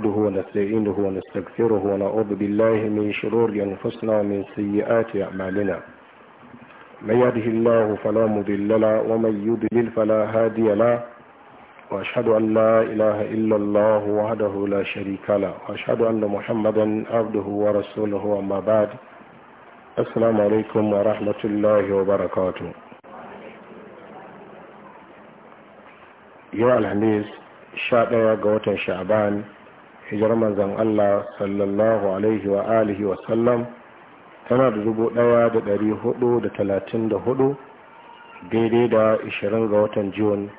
نحمده ونستعينه ونستغفره ونعوذ بالله من شرور أنفسنا ومن سيئات أعمالنا من يهده الله فلا مضل له ومن يضلل فلا هادي له وأشهد أن لا إله إلا الله وحده لا شريك له وأشهد أن محمدا عبده ورسوله أما بعد السلام عليكم ورحمة الله وبركاته يا الحميد شاء يا watan شعبان hijar manzan Allah sallallahu alaihi wa alihi wa sallam tana da dubu daya da ɗari hudu da talatin da hudu daidai da ishirin ga watan Jun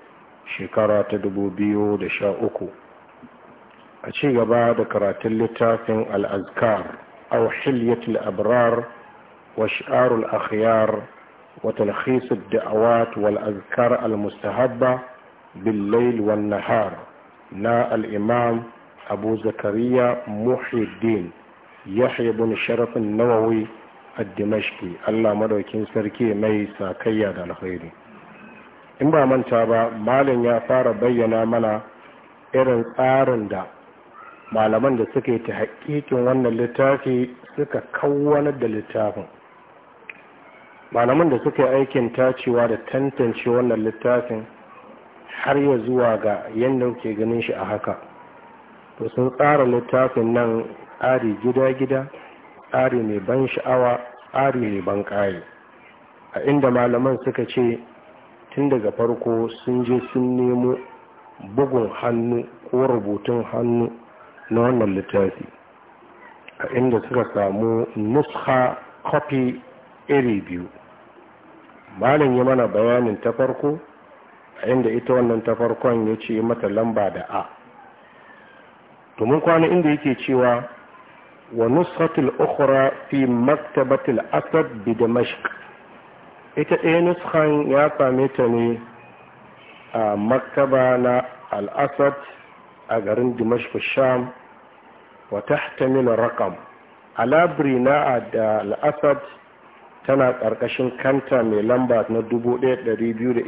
shekara ta dubu biyu da sha uku a ci gaba da karatun littafin al'azkar au hilyatul abrar wa shi'arul akhyar wa talkhisud da'awat wal azkar al mustahabba bil layl wan nahar na al imam abu zakariya muhiddin yahya bin sharafin nawawi a dimashki allah madaukin sarki ya mai sakayya da alkhairi in ba manta ba malam ya fara bayyana mana irin tsarin da malaman da suka yi wannan littafi suka kawwanar da littafin malaman da suka yi aikin tacewa da tantance wannan littafin har ya zuwa ga yadda muke ganin shi a haka to sun tsara littafin nan tsari gida-gida tsari mai ban sha'awa tsari mai ban ƙaye a inda malaman suka ce tun daga farko sun je sun nemo bugun hannu ko rubutun hannu na wannan littafi a inda suka samu nuska kofi iri biyu malam ya mana bayanin ta farko a inda ita wannan ta farkon ya ce mata lamba da a to mun kwana inda yake cewa wa nusratul ukhra fi maktabatil asad bi damashq ita ɗaya nuskan ya same ta ne a maktaba na al-asad a garin dimashq sham wa tahtamil raqam a labri na da al-asad tana ƙarƙashin kanta mai lamba na 1224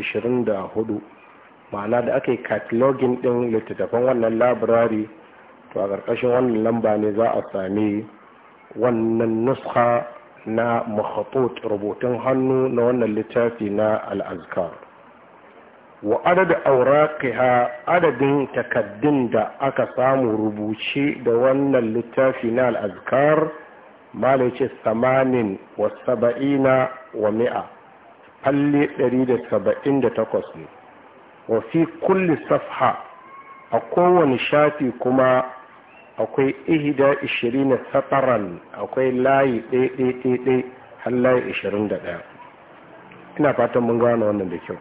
ma'ana da aka yi catalogin ɗin littattafan wannan labirari to a ƙarƙashin wannan lamba ne za a sami wannan nuska na makhatut rubutun hannu na wannan littafi na al'azkar wa adadin auraqiha adadin takaddun da aka samu rubuce da wannan littafi na al'azkar mala ce samanin wa saba'ina wa mi'a falle 178 ne wa fi kulli safha a kowane shafi kuma akwai ihida ishirin sataran akwai layi ɗaiɗaiɗaiɗai har layi ishirin da ɗaya ina fatan mun gane wannan da kyau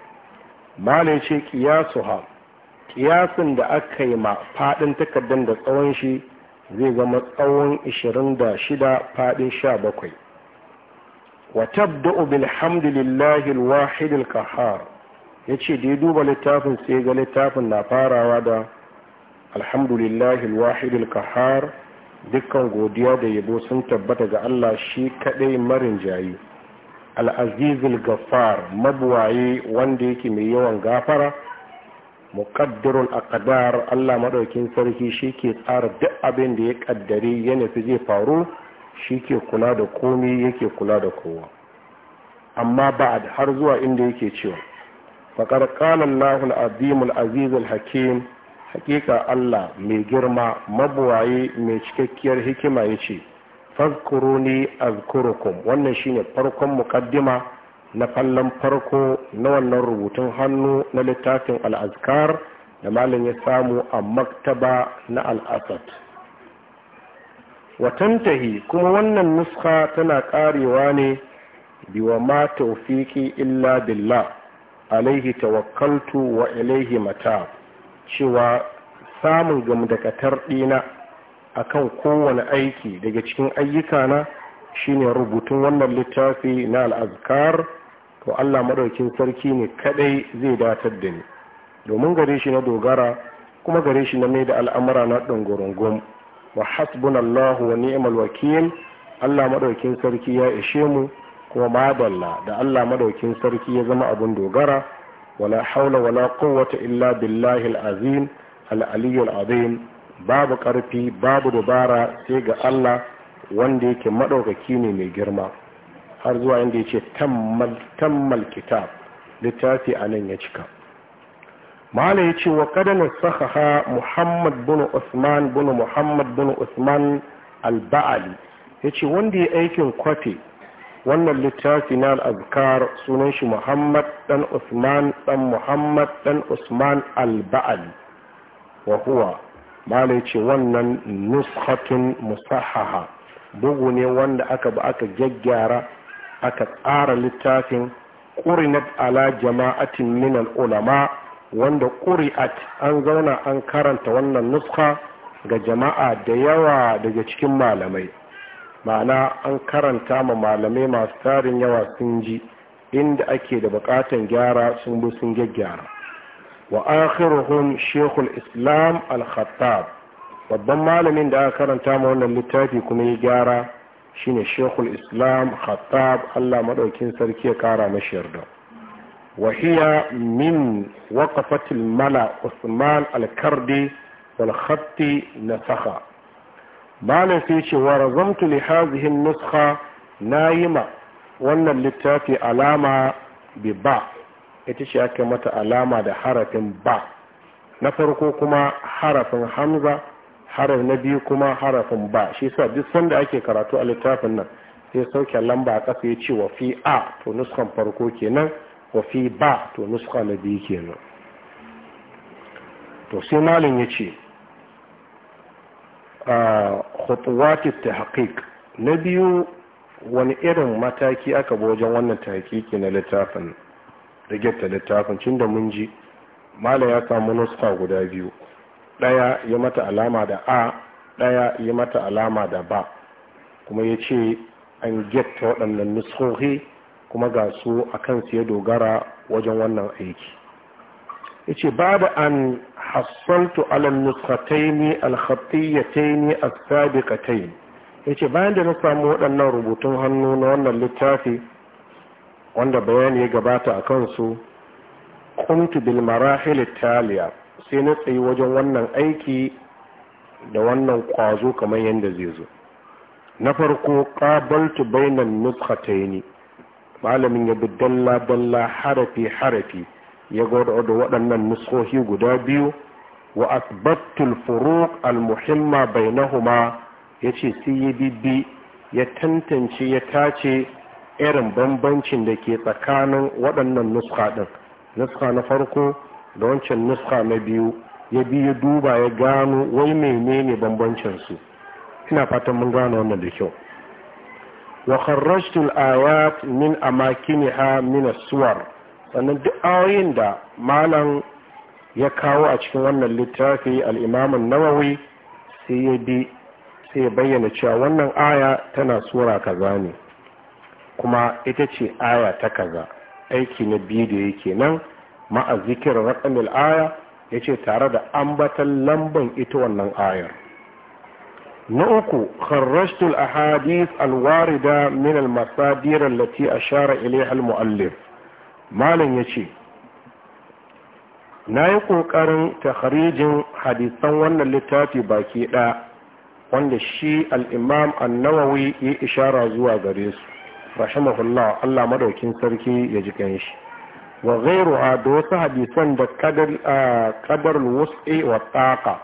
malin ce kiyasu ha kiyasin da aka yi ma faɗin takardar da tsawon shi zai zama tsawon ishirin da shida faɗin sha bakwai وتبدأ بالحمد لله kahar القهار yace da ya duba littafin sai ga littafin na farawa da alhamdulillahi alwahid kahar dukkan godiya da yabo sun tabbata ga Allah shi kadai marin jayi al'azizul Gafar mabuwaye wanda yake mai yawan gafara muqaddirul aqdar Allah madaukin sarki shi ke tsara duk abin da ya kaddare yana su zai faru shi ke kula da komai yake kula da kowa amma ba'ad har zuwa inda yake cewa faqad qala Allahu al-azim al-aziz hakim hakika Allah mai girma mabuwaye mai cikakkiyar hikima ya ce fazkuruni azkurukum wannan shine farkon mukaddima na fallon farko na wannan rubutun hannu na littafin al'azkar da malin ya samu a maktaba na al'asad watantahi kuma wannan nuska tana karewa ne biwa ma taufiki illa billah alaihi tawakkaltu wa ilaihi mata cewa samun gamdakatar ɗina akan kowane aiki daga cikin ayyuka ayyukana shine rubutun wannan littafi na al'azkar to Allah maɗaukin sarki ne kadai zai datar da ni domin gare shi na dogara kuma gare shi na mai da al'amura na ɗungurungun wa Allah wa ni'mal wakil Allah maɗaukin sarki ya ishe mu kuma madalla da Allah maɗaukin sarki ya zama abun dogara wala haula wala quwwata illa billahi al-azim al-aliyyul azim babu karfi babu dabara sai ga Allah wanda yake madaukaki ne mai girma har zuwa inda yace tammal kitab littafi anan ya cika mala yace wa qadana sahaha muhammad bin usman bin muhammad bin usman al-ba'ali yace wanda ya aikin kwafi wannan littafi na al'azkar sunan shi muhammad dan usman dan muhammad dan usman al-ba'ali wa huwa malai ce wannan nuskhatun musahaha bugu ne wanda aka ba aka gyaggyara aka tsara littafin ƙurinat ala jama'atin minan ulama wanda ƙuri'at an zauna an karanta wannan nuska ga jama'a da yawa daga cikin malamai ma'ana an karanta ma malamai masu tarin yawa sun ji inda ake da bukatan gyara sun bi sun gyaggyara wa akhiruhum shekul islam al-khattab babban malamin da aka karanta ma wannan littafi kuma ya gyara shine shekul islam khattab allah maɗaukin sarki ya kara mashi yarda وهي من وقفة usman عثمان الكردي والخط نسخة malam sai ce wa razamtu li hazihi nuskha nayima wannan littafi alama bi ba ita ce ake mata alama da harafin ba na farko kuma harafin hamza harafin na biyu kuma harafin ba shi sa duk sanda ake karatu a littafin nan sai sauke lamba a ƙasa ya ce wa fi a to nuskan farko kenan wa fi ba to nuska na biyu kenan to sai malam ya ce ta tahqiq na biyu wani irin mataki aka bi wajen wannan tahqiqi na littafin rigetta littafin cin mun ji malam ya samu nuska guda biyu ɗaya ya mata alama da a ɗaya ya mata alama da ba kuma ya ce an getta waɗannan nuskohi kuma ga su a kansu ya dogara wajen wannan aiki ya babu an حصلت على النسختين الخطيتين السابقتين as yace bayan da na samu waɗannan rubutun hannu na wannan littafi wanda bayani ya gabata a kansu kuntu bil marahil taliya sai na tsayi wajen wannan aiki da wannan kwazo kamar yadda zai zo na farko qabaltu bainan nuskhataini malamin ya bi dalla dalla harafi harafi ya gwada da waɗannan nusohi guda biyu wa asbattul furuq al-muhimma bainahuma yace sai ya bibbi ya tantance ya tace irin bambancin da ke tsakanin waɗannan nuska ɗin nuska na farko da wancan nuska na biyu ya bi ya duba ya gano wai menene bambancin su ina fatan mun gano wannan da kyau wa kharrajtu al-ayat min amakiniha min as-suwar sannan duk ayoyin da malam ya kawo a cikin wannan littafi al'imamin nawawi sai ya bi sai bayyana cewa wannan aya tana sura kaza ne kuma ita ce aya ta kaza aiki na biyu da yake nan ma'a zikir raƙamil aya ya ce tare da ambatan lamban ita wannan ayar na uku kharrashtul ahadith warida min al-massa al-masadir allati ashara ilayha mu'allif malam ya ce na yi ƙoƙarin takharijin hadisan wannan littafi baki ɗaya wanda shi al'imam annawawi ya ishara zuwa gare su rahimahullah Allah madaukin sarki ya ji shi wa da wasu hadisan da kadar wus'i wa tsaƙa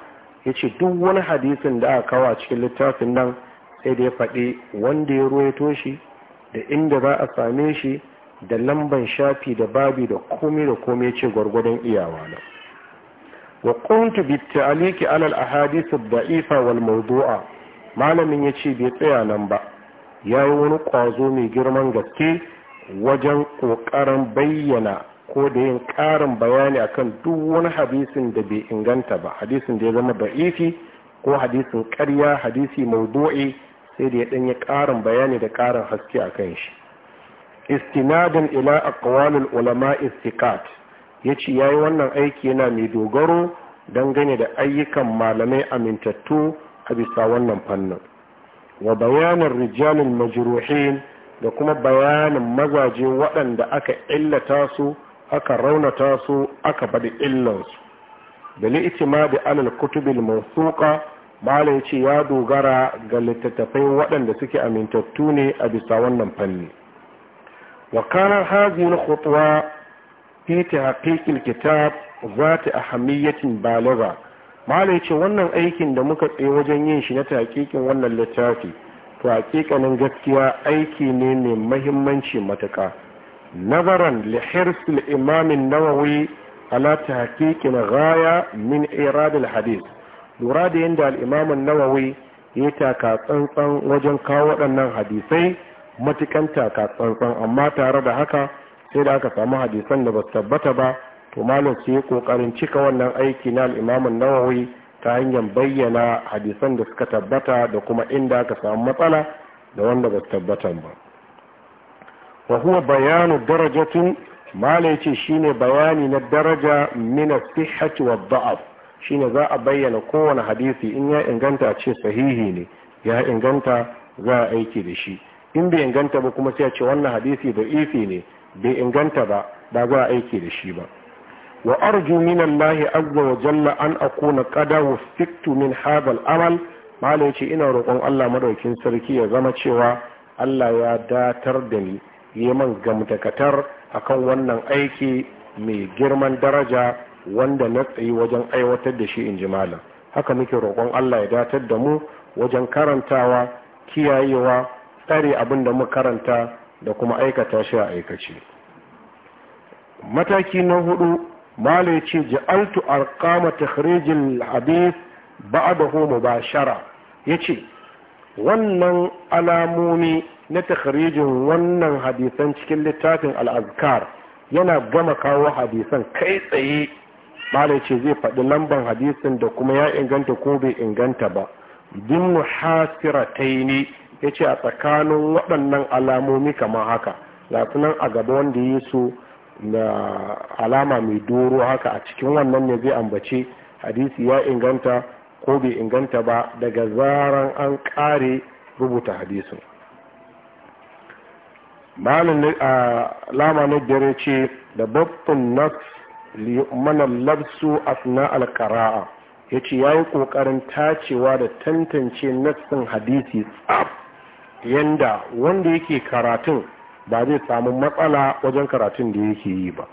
ya ce duk wani hadisin da aka kawo a cikin littafin nan sai da ya faɗi wanda ya ruwaito shi da inda za a same shi da lamban shafi da babi da komai da komai ce gwargwadon iyawa na wa kuntu bi ta'aliki alal ahadith al daifa wal mawdu'a malamin yace bai tsaya nan ba yayi wani kwazo mai girman gaske wajen kokarin bayyana ko da yin karin bayani akan duk wani hadisin da bai inganta ba hadisin da ya zama da'ifi ko hadisin ƙarya hadisi mawdu'i sai da ya danya karin bayani da karin haske akan shi istinadin ila اقوال ulama الثقات yace yayi wannan aiki yana mai dogaro dangane da ayyukan malamai amintattu a bisa wannan fannin wa bayanin rijalin majruhin da kuma bayanin mazaje waɗanda aka illata su aka raunata su aka illan su bali itimadi da alal kutubil mawthuqa malai yace ya dogara ga littattafai waɗanda suke amintattu ne a bisa wannan fanni وكانت هذه الخطوة في تحقيق الكتاب ذات أهمية بالغة mala ya ce wannan aikin da muka tsaye wajen yin shi na takikin wannan littafi to hakikanin gaskiya aiki ne mai mahimmanci matuka nazaran li hirsil imamin nawawi ala tahqiqin ghaya min irad al lura da yadda al imam nawawi ya taka tsantsan wajen kawo waɗannan hadisai matukan taka tsantsan amma tare da haka sai da aka samu hadisan da ba su tabbata ba to malam su yi kokarin cika wannan aiki na al'imamin nawawi ta hanyar bayyana hadisan da suka tabbata da kuma inda aka samu matsala da wanda ba su tabbata ba wa huwa bayanu darajatin malam yace shine bayani na daraja min as-sihhati wad-da'af shine za a bayyana kowane hadisi in ya inganta ce sahihi ne ya inganta za a aiki da shi in bai inganta ba kuma sai ya ce wannan hadisi da ifi ne bai inganta ba ba za aiki da shi ba wa arju min Allah azza wa jalla an akuna kada wafiqtu min hadha amal malai ce ina roƙon Allah madaukin sarki ya zama cewa Allah ya datar da ni ya man gamtakatar akan wannan aiki mai girman daraja wanda na tsayi wajen aiwatar da shi in ji malam haka muke roƙon Allah ya datar da mu wajen karantawa kiyayewa tare abin da karanta da kuma aikata shi a aikace mataki na hudu mala ya ce ja'altu arkama takhrijil hadith ba'dahu mubashara yace wannan alamomi na takhrijin wannan hadisan cikin littafin al'azkar yana gama kawo hadisan kai tsaye mala ce zai faɗi lamban hadisin da kuma ya inganta ko bai inganta ba dimnu ne. ya ce a tsakanin waɗannan alamomi kamar haka ga nan a gaba wanda yi so na alama mai doro haka a cikin wannan ne zai ambace hadisi ya inganta ko bai inganta ba daga zaran an ƙare rubuta hadisin malin alama na biyar ce da babban nas mana labsu asna alkara'a ya ce ya yi ƙoƙarin tacewa da tantance nassin hadisi tsaf yanda wanda yake karatun ba zai samu matsala wajen karatun da yake yi ba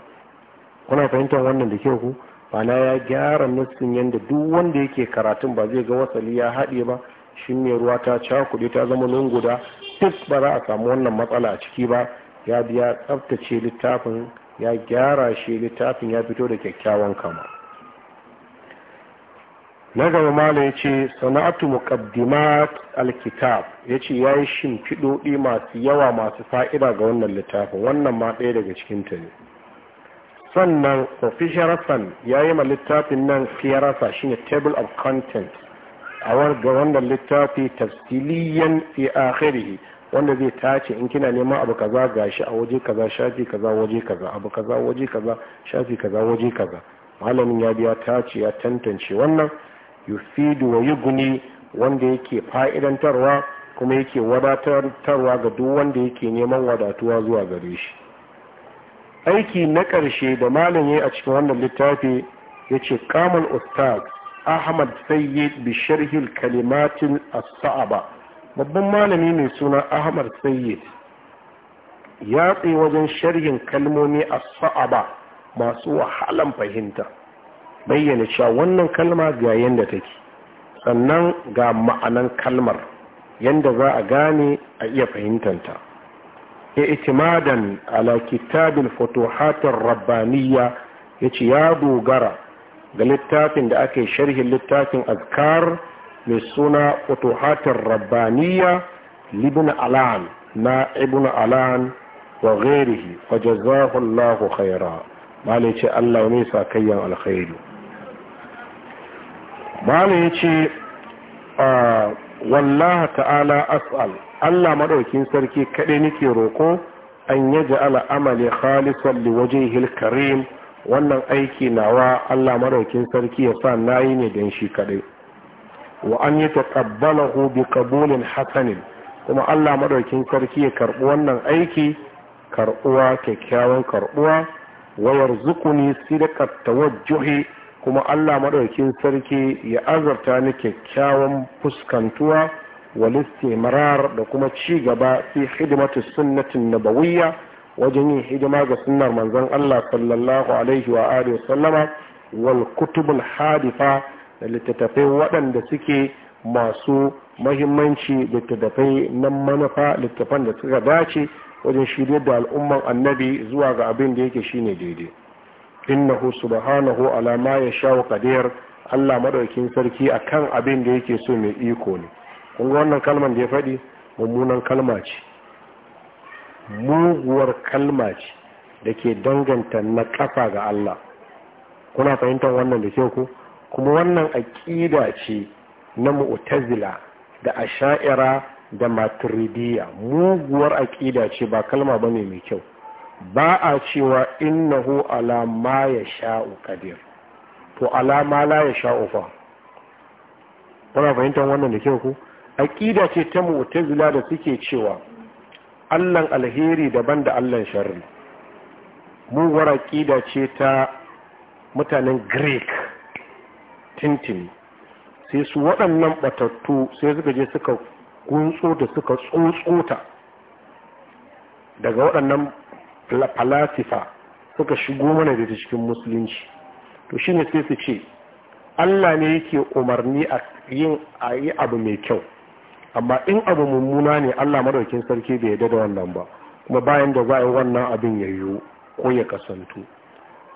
kuna fahimtar wannan da kyau ku na ya gyara nufin yanda duk wanda yake karatun ba zai ga wasali ya haɗe ba shi ne ruwa ta cakuɗe ta zama lunguda duk ba za a samu wannan matsala a ciki ba ya biya tsabtace littafin ya gyara shi littafin ya fito da kyakkyawan kama na gaba malam ya ce sana'atu muqaddimat alkitab ya ce ya yi shimfiɗoɗi masu yawa masu fa'ida ga wannan littafin wannan ma ɗaya daga cikinta ne sannan official ya yi ma littafin nan fiyarasa ne table of content a ga wannan littafi tafsiliyan fi akhirihi wanda zai tace in kina neman abu kaza gashi a waje kaza shafi kaza waje kaza abu kaza waje kaza shafi kaza waje kaza malamin ya biya tace ya tantance wannan yufidu wa yuguni wanda yake fa'idantarwa kuma yake wadatarwa ga duk wanda yake neman wadatuwa zuwa gare shi aiki na ƙarshe da malami a cikin wannan littafi ya ce kamun ustaz ahmad sayyid bisharhil sharhil kalimatin as-sa'aba babban malami mai suna ahmad sayyid ya tsaye wajen sharhin kalmomi a saaba masu wahalan fahimta bayyana cewa wannan kalma ga yadda take sannan ga ma'anan kalmar yanda za a gane a iya fahimtanta i'timadan ala kitabil futuhatir rabbaniyya yace ya dogara ga littafin da ake sharhin littafin azkar mai suna futuhatir rabbaniyya libn alan na ibn alan wa ghairihi wa jazahu Allah khaira malai ce Allah ne sakayyan alkhairi malai ce ah, wallaha ta'ala as'al Allah maɗaukin sarki kaɗai nake roƙo an ya ja'ala amali khalisan li wajhihil karim wannan aiki nawa Allah maɗaukin sarki ya sa nayi ne don shi kaɗai wa an yi taqabbalahu bi qabulin hasanin kuma Allah maɗaukin sarki ya karɓi wannan aiki karɓuwa kyakkyawan karɓuwa wa yarzuquni sidqat tawajjuhi kuma Allah maɗaukin sarki ya azarta ni kyakkyawan fuskantuwa marar da kuma ci gaba fi hidimatu sunnatin nabawiyya wajen yin hidima ga sunnar manzon Allah sallallahu alaihi wa alihi wa sallama wal kutubul hadifa da littattafai waɗanda suke masu mahimmanci littattafai na manufa littattafan da suka dace wajen shirye da al'umman annabi zuwa ga abin da yake shine daidai innahu subhanahu ala ma wa qadir Allah madaukin sarki akan abin da yake so mai iko ne kun ga wannan kalman da ya faɗi mummunan kalma ce muguwar kalma ce da ke danganta na kafa ga Allah kuna fahimtar wannan da kyau ku kuma wannan aƙida ce na mu'tazila da asha'ira da maturidiyya muguwar aƙida ce ba kalma bane mai kyau ba a cewa innahu alama ya sha'u kadir to alama la ya sha'u fa kuna fahimtar wannan da kyau ku aƙida ce ta mu'tazila da suke cewa allan alheri daban da allan sharri muguwar aƙida ce ta mutanen greek tintini sai su waɗannan ɓatattu sai suka je suka gunso da suka tsotsota daga waɗannan La falasifa suka shigo mana da cikin musulunci to shine sai su ce Allah ne yake umarni a yin a abu mai kyau amma in abu mummuna ne Allah madaukin sarki bai yarda da wannan ba kuma bayan da za a yi wannan abin ya yiwu ko ya kasantu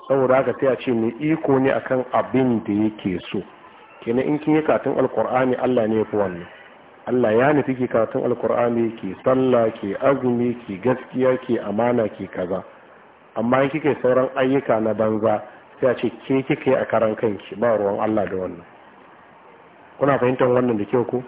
saboda haka sai a ce mai iko ne akan abin da yake so kenan in kin yi katin alkur'ani Allah ne ya fi wannan Allah ya nufi ke karatun alkur'ani ke sallah ke azumi ke gaskiya ke amana ke kaza amma in kika sauran ayyuka na banza sai a ce ke kike yi a karan kanki ba ruwan Allah da wannan kuna fahimtar wannan da kyau ko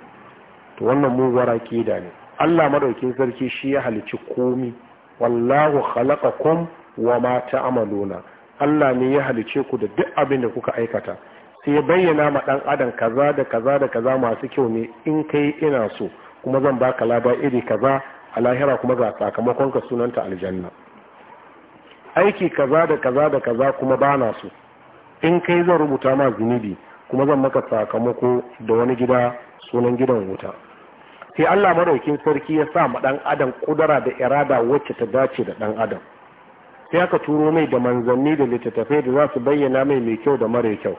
to wannan muguwar da ne Allah madaukin sarki shi ya halicci komi wallahu khalaqakum wa ma ta'maluna Allah ne ya halice ku da duk abin da kuka aikata sai ya bayyana ma ɗan adam kaza da kaza da kaza masu kyau ne in kai ina so kuma zan baka laba iri kaza a lahira kuma ga sakamakon ka sunanta aljanna aiki kaza da kaza da kaza kuma bana so in kai zan rubuta ma zunubi kuma zan maka sakamako da wani gida sunan gidan wuta sai Allah madaukin sarki ya sa ma dan adam kudara da irada wacce ta dace da dan adam sai aka turo mai da manzanni da littattafai da za su bayyana mai mai kyau da mara kyau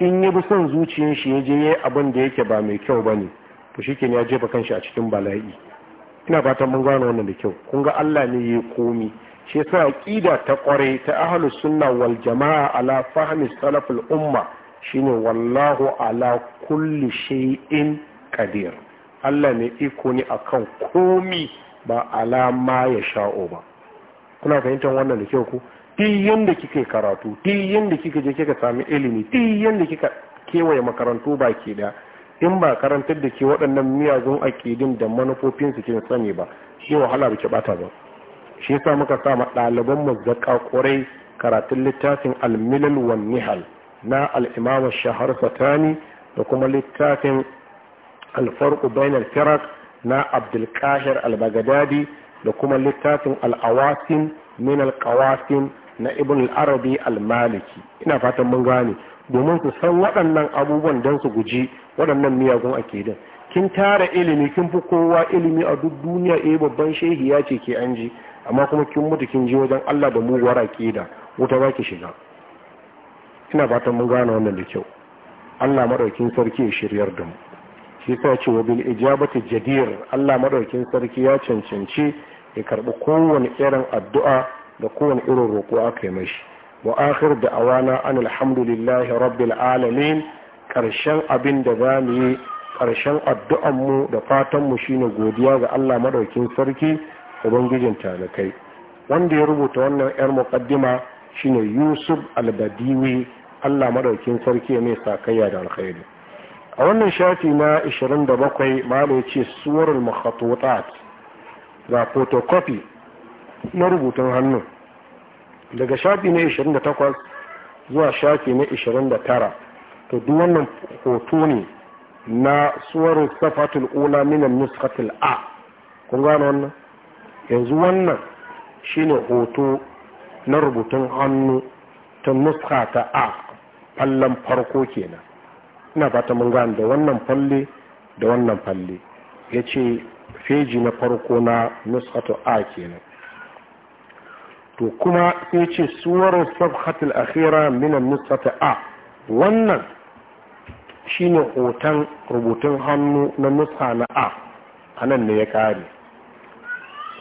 in ya bi son zuciyar shi ya je yayi abin da yake ba mai kyau bane to shikenan ya jefa kanshi a cikin bala'i ina fatan mun gano wannan da kyau kun ga Allah ne ya komi shi yasa aqida ta kware ta ahlus sunna wal jamaa ala fahmi salaful umma shine wallahu ala kulli shay'in qadir Allah ne iko ne akan komi ba alama ya sha'o ba kuna fahimtar wannan da kyau ku ti yanda kika karatu ti yanda kika je kika sami ilimi ti yanda kika kewaye makarantu ba baki da in ba karantar da ke waɗannan miyagun aƙidin da manufofin su kin sani ba shi wahala ba ki bata ba shi yasa muka sa ma ɗaliban mu zakka kurai karatun littafin al-milal wan nihal na al-imam shahar satani da kuma littafin al-farq bain al-firaq na abdul qahir al-baghdadi da kuma littafin al-awasim min al-qawasim na ibn al-arabi al-maliki ina fatan mun gane domin su san waɗannan abubuwan don su guji waɗannan miyagun ake din kin tara ilimi kin fi kowa ilimi a duk duniya e babban shehi ya ce ke an ji amma kuma kin mutu kin ji wajen Allah da muguwar akida wuta ba ki shiga ina fatan mun gane wannan da kyau Allah madaukin sarki ya shiryar da mu shi sa ce wa bil ijabati jadir Allah madaukin sarki ya cancanci ya karbi kowane irin addu'a da kowane irin roƙo aka yi mashi wa akhir da awana an alhamdulillahi rabbil alamin ƙarshen abin da za mu yi ƙarshen addu'anmu da fatan mu shine godiya ga Allah madaukin sarki ubangijin talakai wanda ya rubuta wannan yar muqaddima shine Yusuf Albadiwi Allah madaukin sarki mai sakayya da alkhairi a wannan shafi na 27 malo ya ce suwarul makhatutat ga photocopy na rubutun hannu daga shafi na 28 zuwa shafi na 29 to duk wannan hoto ne na suwarin safatul ula minan nuskatul a kun gano wannan yanzu wannan shine hoto na rubutun hannu ta nuska ta a fallon farko kenan ina fata mun gano da wannan falle da wannan falle ya ce feji na farko na nuskatu a kenan to kuma sai ce suwarar safhatul akhira min nusfata a wannan shine hoton rubutun hannu na nusa na a anan nan ne ya kare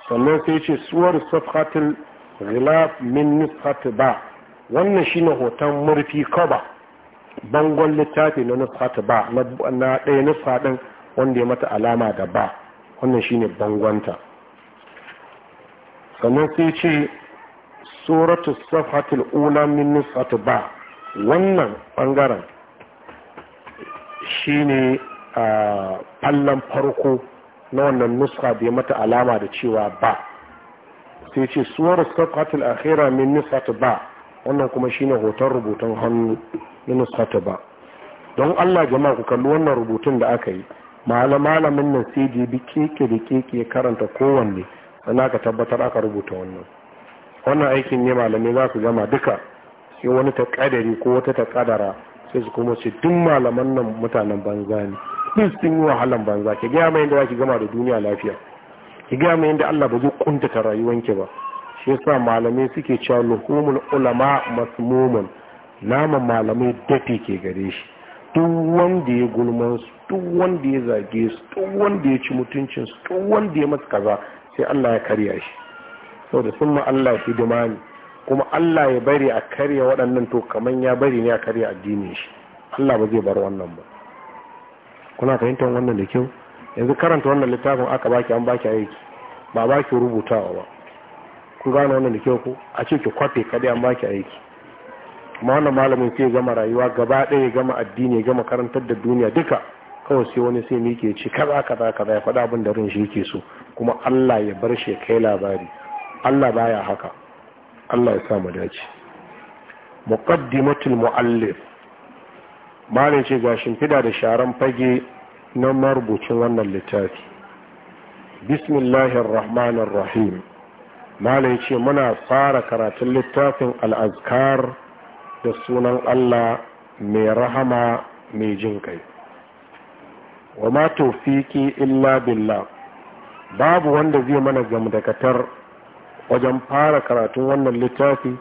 sannan sai ce suwar safhatul ghilaf min nusfata ba wannan shine hoton murfi kaba bangon littafi na nusfata ba na ɗaya nusa ɗin wanda ya mata alama da ba wannan shine bangonta sannan sai ce suratu safatul ula min nusatu ba wannan bangaren shine a fallon farko na wannan nuska da ya mata alama da cewa ba sai ce suwar safhatul akhira min nusatu ba wannan kuma shine hoton rubutun hannu min nusatu ba don Allah jama'a ku kalli wannan rubutun da aka yi malamin nan sai je bi keke da keke karanta kowanne sannan ka tabbatar aka rubuta wannan wannan aikin ne malamai za su gama duka sai wani ta kadari ko wata ta kadara sai su kuma ce duk malaman nan mutanen banza ne duk sun yi wahalan banza ki gaya mai yadda za ki gama da duniya lafiya ki gaya mai yadda Allah ba zai kuntata rayuwanki ba shi yasa malamai suke cewa luhumul ulama masmumun naman malamai dafi ke gare shi duk wanda ya gulman su duk wanda ya zage su duk wanda ya ci mutuncin su duk wanda ya masu kaza sai Allah ya karya shi saboda sun ma Allah fi ne kuma Allah ya bari a karya waɗannan to kamar ya bari ne a karya addinin shi Allah ba zai bar wannan ba kuna fahimtar wannan da kyau yanzu karanta wannan littafin aka baki an baki aiki ba baki rubutawa ba ku gane wannan da kyau ku a ce ki kwafe kadai an baki aiki amma wannan malamin sai gama rayuwa gaba ɗaya gama addini ya gama karantar da duniya duka kawai sai wani sai mike ce kaza kaza kaza ya faɗa abin da rin shi yake so kuma Allah ya bar shi kai labari Allah baya haka Allah ya sa dace muqaddimatul muallif malin ce ga shimfida da sharan fage na marubucin wannan littafi bismillahir rahmanir rahim malin ce muna fara karatun littafin al'azkar da sunan Allah mai rahama mai jin kai wa ma tawfiki illa billah babu wanda zai mana gamdakatar wajen fara karatun wannan littafi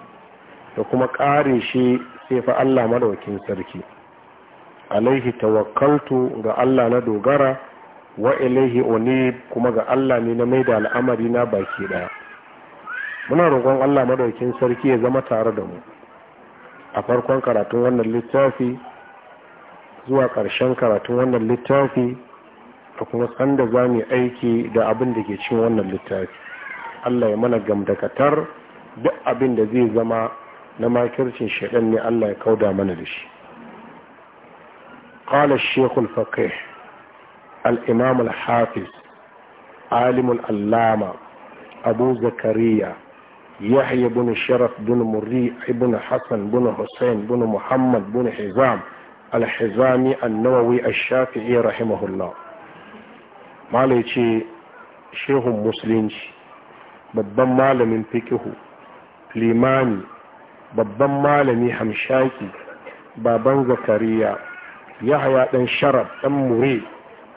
da kuma ƙare shi sai fa Allah madaukin sarki alaihi tawakkaltu ga Allah na dogara wa ilaihi uni kuma ga Allah ne na mai da al'amari na baki daya muna roƙon Allah madaukin sarki ya zama tare da mu a farkon karatun wannan littafi zuwa ƙarshen karatun wannan littafi da kuma sanda za mu aiki da abin da ke cin wannan littafi Allah ya mana gamdakatar duk abin da zai zama na makircin shaɗan ne Allah ya kauda mana da shi. Kala Shekul Fakih, al’imam al-Hafiz, alimul Allama, Abu Zakariya, Yahya bin Sharaf bin Muri ibn Hassan bin Hussein bin Muhammad bin Hizam, al-Hizami annawawi al-Shafi’i rahimahullah. Malai ce, Shehun Musulunci. babban malamin fikihu limani babban malami hamshaki baban zakariya yahaya dan sharaf dan mure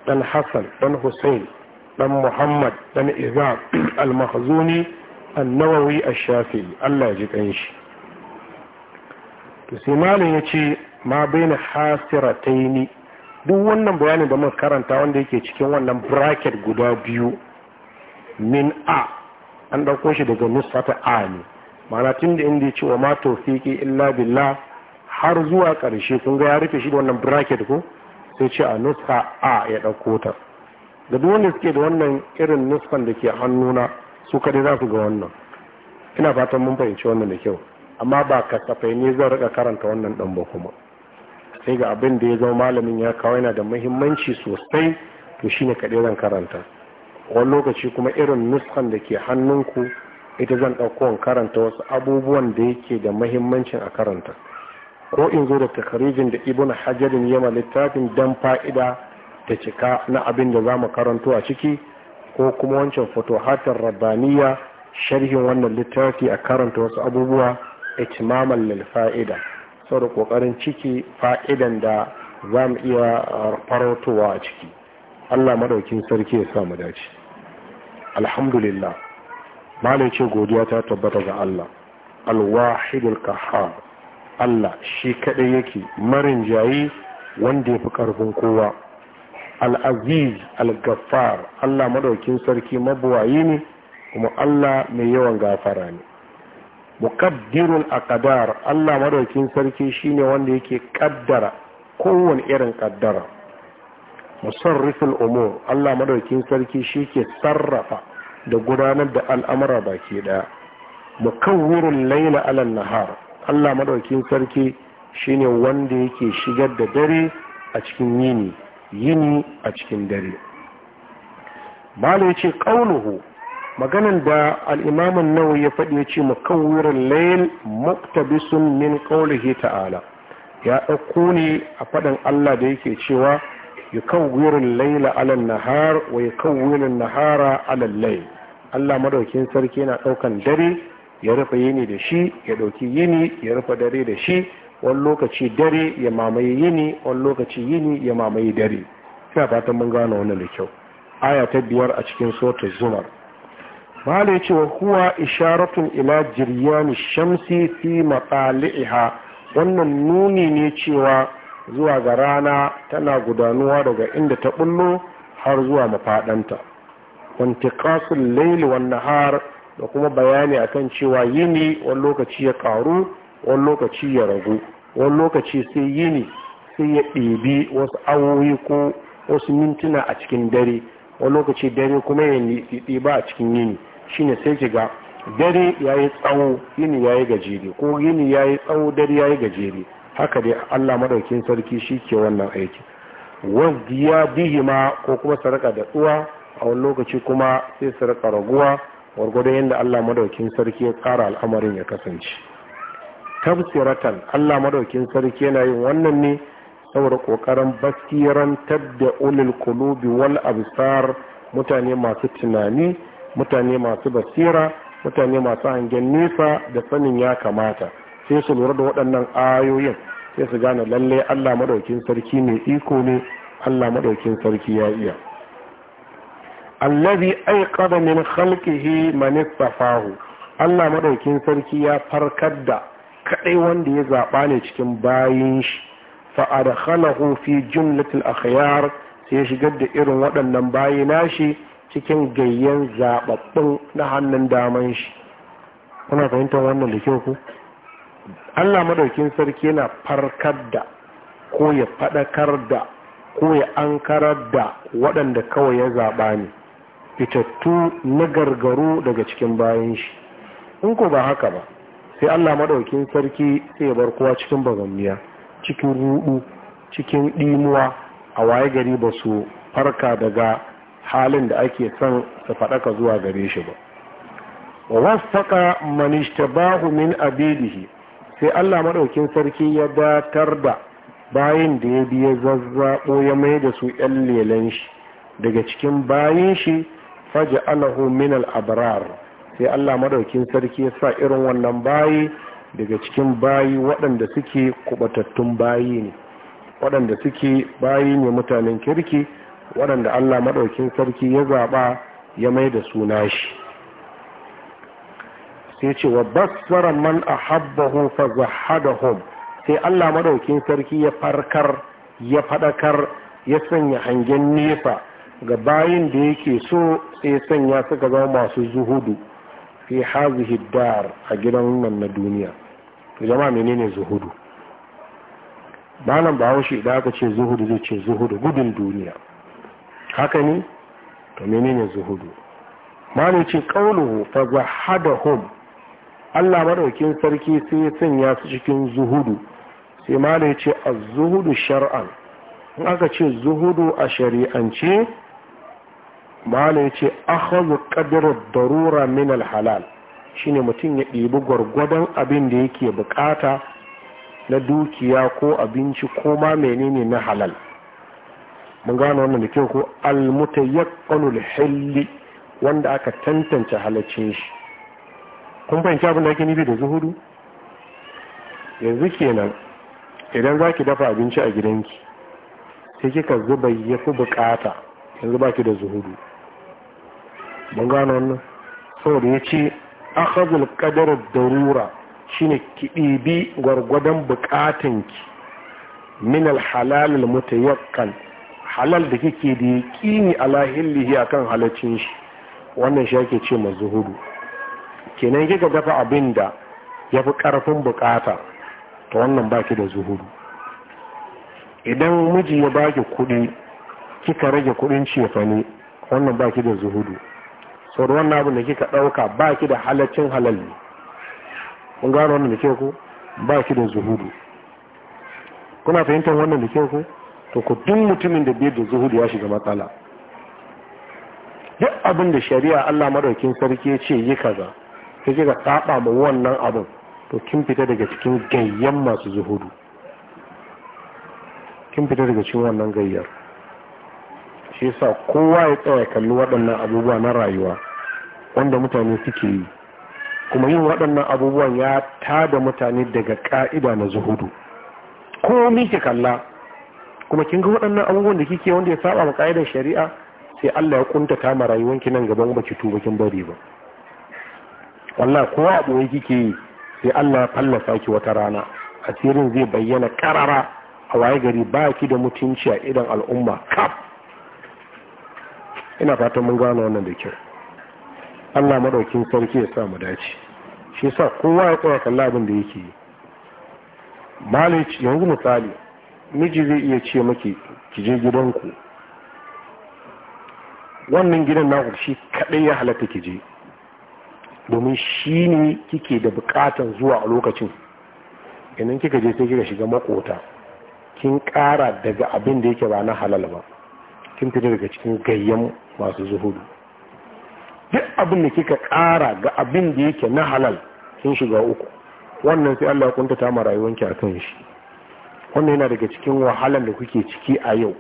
dan hassan dan hussein dan muhammad dan izab al-mahzuni annawawi a shafi Allah ya ji kanshi to sai malam yace ma baina hasirataini duk wannan bayanin da muka karanta wanda yake cikin wannan bracket guda biyu min a an ɗauko shi daga nusfata ne ma'ana tun da inda ya ce wa ma tofiki illa billah har zuwa ƙarshe sun ga ya rufe shi da wannan bracket ko sai ce a nusfa a ya ɗauko ta da duk wanda suke da wannan irin nusfan da ke hannuna su kadai za su ga wannan ina fatan mun fahimci wannan da kyau amma ba kasafai ne zan rika karanta wannan ɗan ba kuma sai ga abin da ya zama malamin ya kawo yana da muhimmanci sosai to shine kaɗai zan karanta wani lokaci kuma irin nuskan da ke hannunku ita zan ɗauko karanta wasu abubuwan da yake da mahimmancin a karanta ko in zo da takarijin da ibn hajarin yama littafin don fa'ida ta cika na abin da za mu karanto a ciki ko kuma wancan foto hatar rabaniya sharhin wannan littafi a karanta wasu abubuwa itimaman lil fa'ida sau da ƙoƙarin ciki fa'idan da za mu iya ah, farautowa a ciki Allah madaukin sarki ya sa mu dace alhamdulillah malai ce godiya ta tabbata ga Allah alwahidul kahhar Allah shi kadai yake marin jayi wanda yafi karfin kowa al-aziz al Allah madaukin sarki mabuwayi ne kuma Allah mai yawan gafara ne muqaddirul aqdar Allah madaukin sarki shine wanda yake kaddara kowane irin kaddara musarrifin umur Allah madaukin sarki shi ke sarrafa da gudanar da al'amura baki daya wurin laila alal nahar Allah madaukin sarki shine wanda yake shigar da dare a cikin yini yini a cikin dare ya ce ƙaunuhu maganan da al ya faɗi ya faɗi yace mukawwirul layl muktabisun min qawlihi ta'ala ya ɗauko ne a faɗin Allah da yake cewa yukawwir al laila 'ala nahar wa yukawwir nahara 'ala al Allah madaukin sarki yana daukan dare ya rufe yini da shi ya dauki yini ya rufe dare da shi wani lokaci dare ya mamaye yini wani lokaci yini ya mamaye dare sai fatan mun gano wannan da kyau aya ta biyar a cikin suratul zumar malai wa huwa isharatun ila jiryani shamsi fi matsali'iha wannan nuni ne cewa zuwa ga rana tana gudanuwa daga inda ta bullo har zuwa mafaɗanta wantikasun laili wan har da kuma bayani akan cewa yini wani lokaci ya ƙaru wani lokaci ya ragu wani lokaci sai yini sai ya ɗebi wasu awoyi ko wasu mintuna a cikin dare wani lokaci dare kuma ya ba a cikin yini shine sai kiga dare ya yi tsawo yini ya yi gajere ko yini ya yi tsawo dare ya yi gajere haka dai Allah madaukin sarki shi ke wannan aiki wazdiya bihima ko kuma sarƙa da tsuwa a wani lokaci kuma sai sarƙa raguwa gwargwadon yadda Allah madaukin sarki ya tsara al'amarin ya kasance tafsiratan Allah madaukin sarki yana yin wannan ne saboda kokarin basirantar da ulul kulubi wal absar mutane masu tunani mutane masu basira mutane masu hangen nesa da sanin ya kamata sai su lura da waɗannan ayoyin sai su gane lalle Allah maɗaukin sarki mai iko ne Allah madaukin sarki ya iya allazi aiqada min khalqihi man istafahu Allah maɗaukin sarki ya farkar da kadai wanda ya zaɓa ne cikin bayin shi fa adkhalahu fi jumlatil akhyar sai ya shigar da irin waɗannan bayi nashi cikin gayyan zababbun na hannun daman shi kuna fahimtar wannan da kyau ku Allah madaukin sarki yana farkar da ko ya faɗakar da ko ya ankarar da waɗanda kawai ya zaɓa ne fitattu na gargaro daga cikin bayan shi in ko ba haka ba sai Allah madaukin sarki sai ya bar kowa cikin bagamniya cikin rudu cikin ɗimuwa a waye gari ba su farka daga halin da ake son su faɗaka zuwa gare shi ba Wasu saka manishtabahu min abidihi sai Allah maɗaukin sarki ya datar da bayin da ya biya zazzaɓo ya mai da su yan lelan shi daga cikin bayin shi faji alahu min al sai Allah maɗaukin sarki ya sa irin wannan bayi daga cikin bayi waɗanda suke kubatattun bayi ne waɗanda suke bayi ne mutanen kirki waɗanda Allah maɗaukin sarki ya zaɓa ya mai da suna shi sai ce wa basara man ahabbahum fa zahadahum sai Allah maɗaukin sarki ya farkar ya faɗakar ya sanya hangen nefa ga bayin da yake so sai sanya suka zama masu zuhudu fi hazihi dar a gidan nan na duniya to jama'a menene zuhudu malam haushi da aka ce zuhudu zai ce zuhudu gudun duniya haka ne to menene zuhudu ne ce qauluhu fa zahadahum Allah maɗaukin sarki sai ya sanya su cikin zuhudu sai mala ya ce az-zuhudu shar'an in aka ce zuhudu a shari'ance mala ya ce akhadhu qadra darura min al-halal shine mutum ya ɗibi gwargwadon abin da yake bukata na dukiya ko abinci ko ma menene na halal mun gano wannan da kyau ko al-mutayaqqanul hilli wanda aka tantance halaccin shi kun fahimci abin da ake nufi da zuhudu yanzu kenan idan za ki dafa abinci a gidanki sai kika zuba ya fi bukata yanzu ba ki da zuhudu mun gano wannan saboda ya ce akhazul qadaru darura shine ki ɗibi gwargwadon bukatanki min al halal al halal da kike da yaqini ala a akan halaccin shi wannan shi ake ce ma zuhudu kenan kika dafa abin da ya fi ƙarfin bukata ta wannan baki da zuhudu idan miji ya baki kuɗi kika rage kuɗin cefane wannan baki da zuhudu sau da wannan abin da kika ɗauka baki da halaccin halalli kun gano wannan da ke ku baki da zuhudu kuna fahimtar wannan da ke ku to ku duk mutumin da biyar da zuhudu ya shiga matsala duk abin da shari'a Allah maɗaukin sarki ya ce yi kaza sai ga saba ma wannan abin to kin fita daga cikin gayyan masu zuhudu kin fita daga cikin wannan gayyar shi yasa kowa ya tsaya kalli waɗannan abubuwa na rayuwa wanda mutane suke yi kuma yin waɗannan abubuwan ya tada mutane daga ka'ida na zuhudu ko ke kalla kuma kin ga waɗannan abubuwan da kike wanda ya saba ma ka'idar shari'a sai Allah ya kuntata ma rayuwanki nan gaban ba ki tuba kin bari ba wallahi kowa a ya kike yi sai Allah fallasa ki wata rana asirin zai bayyana karara a waye gari ba ki da mutunci a idan al'umma kaf ina fatan mun gano wannan da kyau Allah madaukin sarki ya sa mu dace shi yasa kowa ya tsaya kallon abin da yake yi malici yanzu misali miji zai iya ce maki ki je gidanku wannan gidan naku shi kadai ya halatta ki je domin shi ne kike da bukatan zuwa a lokacin inan kika je sai kika shiga makota kin ƙara daga abin da yake ba na halal ba kin fita daga cikin gayyan masu zuhudu duk abin da kika ƙara ga abin da yake na halal kin shiga uku wannan sai Allah ya kuntata ma rayuwanki akan shi wannan yana daga cikin wahalan da kuke ciki a yau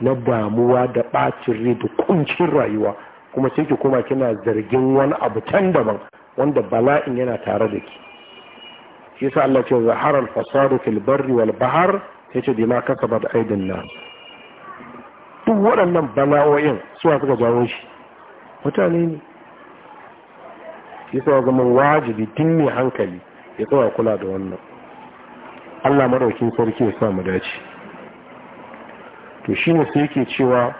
na damuwa da bacin rai da kuncin rayuwa kuma sai ki koma kina zargin wani abu can daban wanda bala'in yana tare da ki shi yasa Allah ce zahara al-fasadu fil barri wal bahr yace bi ma kasabat aidin nas duk waɗannan bala'o'in suwa suka jawo shi mutane ne yasa zama wajibi tun mai hankali ya tsaya kula da wannan Allah madaukin sarki ya sa mu dace to shine sai yake cewa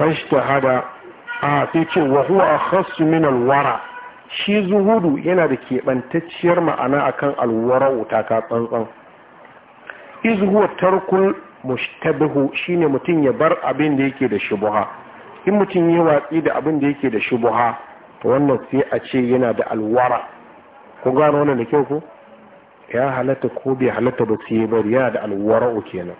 fashta hada a sai ce wa huwa akhassu min alwara shi zuhudu yana da kebantacciyar ma'ana akan wuta taka tsantsan iz huwa tarkul mushtabihu shine mutum ya bar abin da yake da shubuha in mutum ya watsi da abin da yake da shubuha to wannan sai a ce yana da alwara ku gano wannan da kyau ko ya halatta ko bai halatta ba sai bari yana da alwara kenan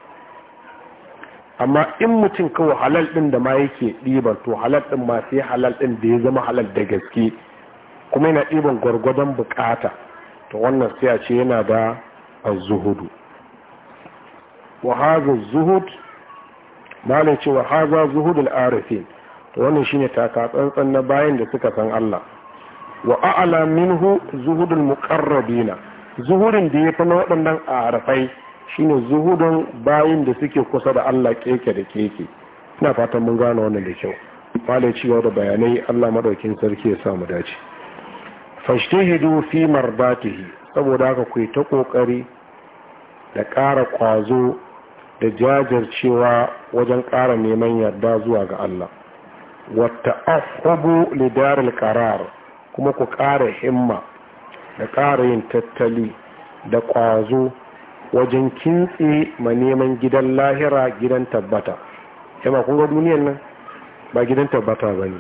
amma in mutum kawai halal ɗin da ma yake ɗiban to halal ɗin ma sai halal ɗin da ya zama halal da gaske kuma yana ɗiban gwargwadon bukata to wannan sai a ce yana da zuhudu wa haza zuhud malai ce wa haza zuhud al-arifin to wannan shine taka tsantsan na bayan da suka san Allah wa a'la minhu zuhudul muqarrabina zuhurin da ya fi na waɗannan arafai shine zuhudun bayin da suke kusa da Allah keke da keke ina fatan mun gane wannan da kyau malai cewa da bayanai Allah madaukin sarki ya samu dace fashtahidu fi marbatihi saboda haka ku ta kokari da ƙara kwazo da jajircewa wajen ƙara neman yarda zuwa ga Allah wata li daril ƙarar kuma ku ƙara himma da ƙara yin tattali da kwazo wajen kintse ma neman gidan lahira gidan tabbata yamma eh kun ga duniyar nan ba gidan tabbata ba ne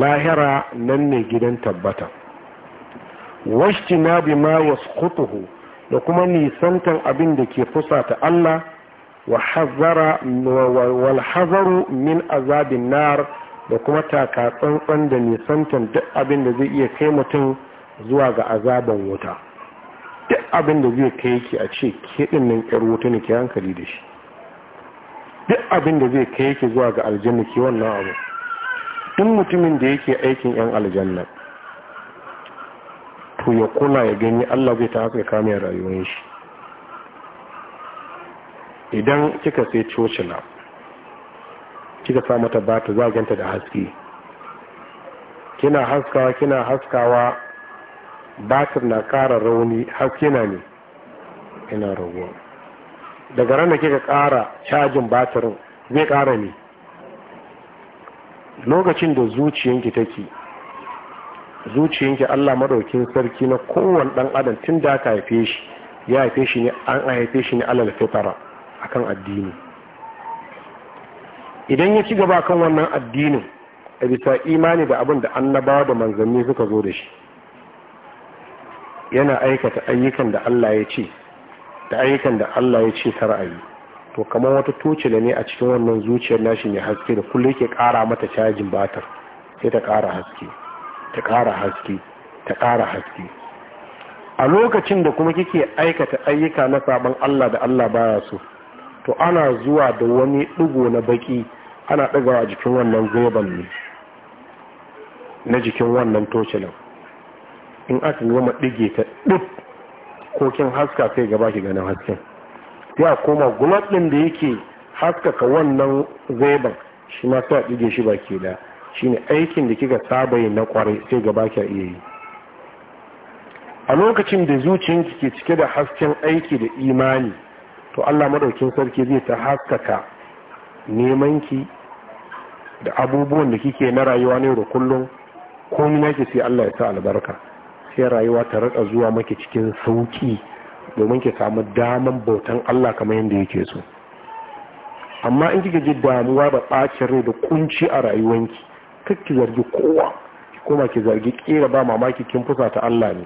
lahira nan ne gidan tabbata washti na bi ma kutuhu da kuma nisantan abin da ke fusata Allah wa hazara wal hazaru min azabin nar da kuma taka tsantsan da nisantan duk abin da zai iya kai mutum zuwa ga azaban wuta duk abin da zai kai ki a ce ke nan yar wuta ne ke hankali da shi duk abin da zai kai ki zuwa ga aljanna ke wannan abu duk mutumin da yake aikin yan aljanna to ya kula ya gani Allah zai ta haka kame rayuwar shi idan kika sai na. kika sa mata bata za ganta da haske kina haskawa kina haskawa batir na ƙara rauni haske na ne ina raguwa daga ran da kika kara cajin batirin zai kara ne lokacin da zuciyanki take zuciyanki Allah maɗaukin sarki na kowane ɗan adam tun da aka haife shi ya haife shi ne an haife shi ne alal fitara akan addini idan ya ci gaba kan wannan addinin a bisa imani da abin da annabawa da manzanni suka zo da shi yana aikata ayyukan da Allah ya ce da ayyukan da Allah ya ce tsara yi to kamar wata tocila ne a cikin wannan zuciyar nashi mai haske da kullum yake ƙara mata cajin batar sai ta ƙara haske ta ƙara haske ta ƙara haske a lokacin da kuma kike aikata ayyuka na sabon Allah da Allah baya so to ana zuwa da wani ɗigo na baki ana ɗagawa jikin wannan zoban ne na jikin wannan tocilin in aka yi wama ɗige ta ɗin kokin haska sai gaba ki ganin hasken ya koma gulat ɗin da yake haskaka wannan zaiban shi ma sai a ɗige shi baki da shi ne aikin da kika saba yi na kwarai sai gaba ki iya yi a lokacin da zuciyarki ke cike da hasken aiki da imani to Allah madaukin sarki zai ta haskaka neman ki da abubuwan da kike na rayuwa ne da kullum na ki sai Allah ya sa albarka sai rayuwa ta rika zuwa maki cikin sauki domin ki samu daman bautan Allah kamar yadda yake so amma in kika ji damuwa da ɓacin rai da kunci a rayuwanki kar ki zargi kowa ki koma ki zargi kera ba mamaki kin fusa ta Allah ne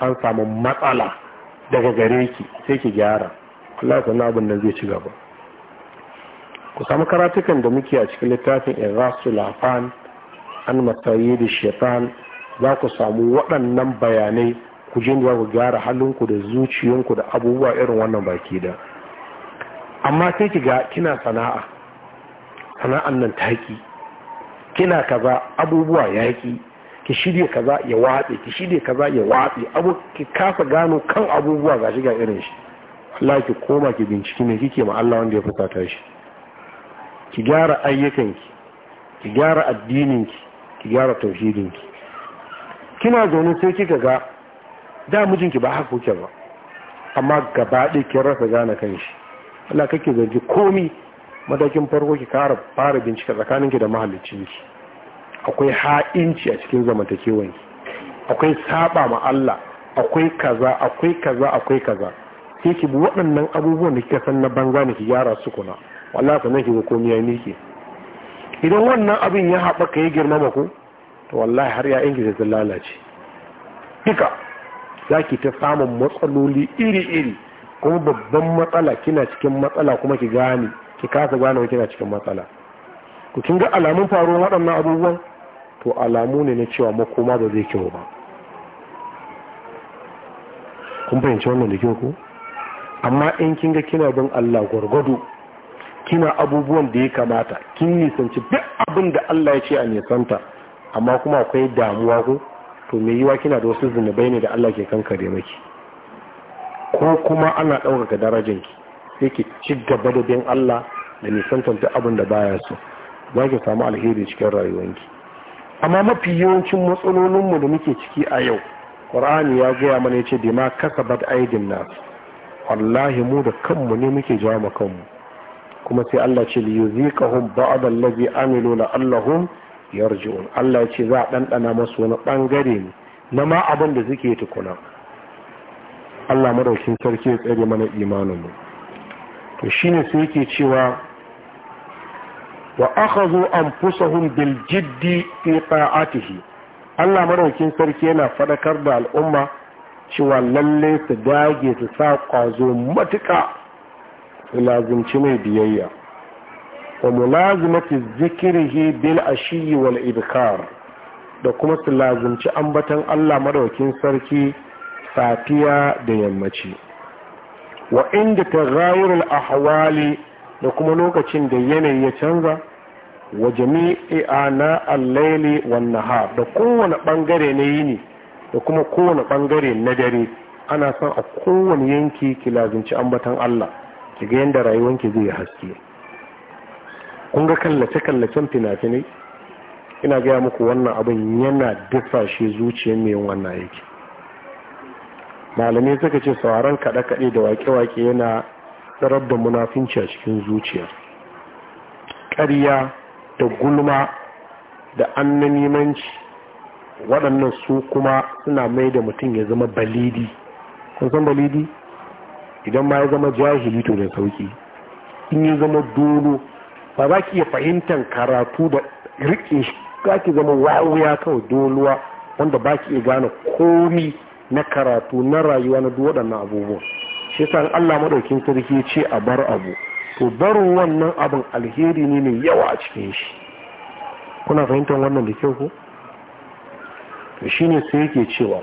an samu matsala daga gare ki sai ki gyara Allah sanar abin nan zai ci gaba ku samu karatukan da muke a cikin littafin Irasul Afan an matsayi da shaitan za ku samu waɗannan bayanai ku je za ku gyara halinku da zuciyanku da abubuwa irin wannan baki da amma sai ki ga kina sana'a sana'an nan taki kina kaza abubuwa yaki ki shirya kaza ya watse ki shirya kaza ya watse abu ki kafa gano kan abubuwa ga shiga irin shi Allah ki koma ki binciki ne kike ma Allah wanda ya fusata shi ki gyara ayyukan ki ki gyara addininki ki gyara tauhidinki kina zaune sai kika ga da mijinki ba haka kuke ba amma gaba ɗaya kin rasa gane kanshi Allah kake zargi komi madakin farko ki kara fara bincika tsakaninki da mahallicinki akwai ha'inci a cikin zamantakewanki akwai saba ma Allah akwai kaza akwai kaza akwai kaza sai ki bi waɗannan abubuwan da kika san na banza ne ki gyara su kuna wallahi sanan ki ga komai ya miki idan wannan abin ya haɓaka ya girmama ku to wallahi har ya ingila sun lalace duka za ki ta samun matsaloli iri-iri kuma babban matsala kina cikin matsala kuma ki gane ki kasa gane kina cikin matsala ku kin ga alamun faruwar waɗannan abubuwan to alamu ne na cewa makoma ba zai kyau ba kun fahimci wannan da kyau ku amma in kin ga kina bin Allah gwargwado kina abubuwan da ya kamata kin nisanci duk abin da Allah ya ce a nisanta amma kuma akwai damuwa ko to mai yiwa kina da wasu zunubai ne da Allah ke kankare maki ko kuma ana ɗaukaka ki sai ki ci gaba da bin Allah da nisantar duk abin da baya so za ki samu alheri cikin rayuwanki amma mafi yawancin matsalolinmu da muke ciki a yau ƙur'ani ya gaya mana ya ce bi ma kasabat aidin nasu wallahi mu da kanmu ne muke jawo ma kanmu kuma sai Allah ce li yuziqahum ba'd allazi amilu la allahum yarji'un Allah ce za a ɗanɗana masu wani ɓangare ne na ma abin da suke tukuna Allah madaukin sarki ya mana imaninmu to shine su yake cewa wa zo an fusahun biljiddi fi ta'atihi Allah madaukin sarki yana faɗakar da al'umma cewa lalle su dage su sa ƙwazo matuka su lazimci mai biyayya wa mulazimati zikrihi bil ashi ibkar da kuma su lazumci ambatan Allah madaukin sarki safiya da yammaci wa inda taghayur ahwali da kuma lokacin da yanayi ya canza wa jami'i ana al-laili wan da kowane bangare na yini da kuma kowane bangare na dare ana son a kowane yanki ki lazumci ambatan Allah ki ga yadda rayuwanki zai haske kun ga kallace-kallacen fina-finai ina gaya muku wannan abin yana dafashe zuciya mai wannan yake malamai suka ce sauran kaɗe-kaɗe da waƙe wake yana tsarar da munafinci a cikin zuciya ƙarya da gulma da annanimanci waɗannan su kuma suna mai da mutum ya zama balidi kun san balidi idan ma ya zama jahili to da sauki in ya zama dolo ba za ki iya fahimtar karatu da riƙe shi za ki zama wawuya kawai doluwa wanda ba ki iya gane komi na karatu na rayuwa na duk waɗannan abubuwan shi yasa Allah madaukin sarki ce a bar abu to barin wannan abin alheri ne mai yawa a cikin shi kuna fahimtar wannan da kyau ko to shine sai yake cewa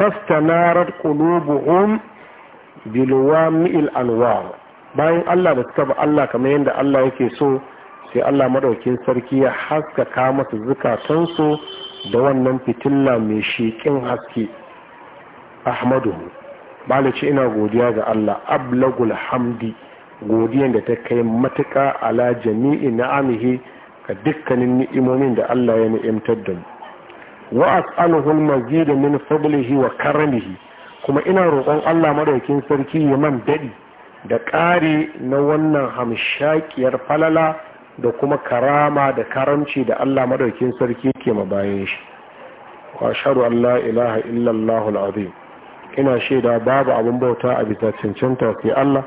fastanarat qulubuhum bilwami'il anwar bayan Allah ba suka ba Allah kamar yadda Allah yake so sai Allah madaukin sarki ya haskaka masu zukatansu da wannan fitilla mai shekin haske ahmadu balaci ina godiya ga Allah ablagul hamdi godiyan da ta kai matuka ala jami'i na'amihi ga dukkanin ni'imomin da Allah ya ni'imtar da mu wa as'aluhu al-mazid min fadlihi wa karamihi kuma ina roƙon Allah madaukin sarki ya man dadi da ƙari na wannan hamshakiyar falala da kuma karama da karamci da Allah madaukin sarki ke bayan shi wa sharu Allah ilaha illallah al'azim ina shaida babu abun bauta a bisa cancanta sai Allah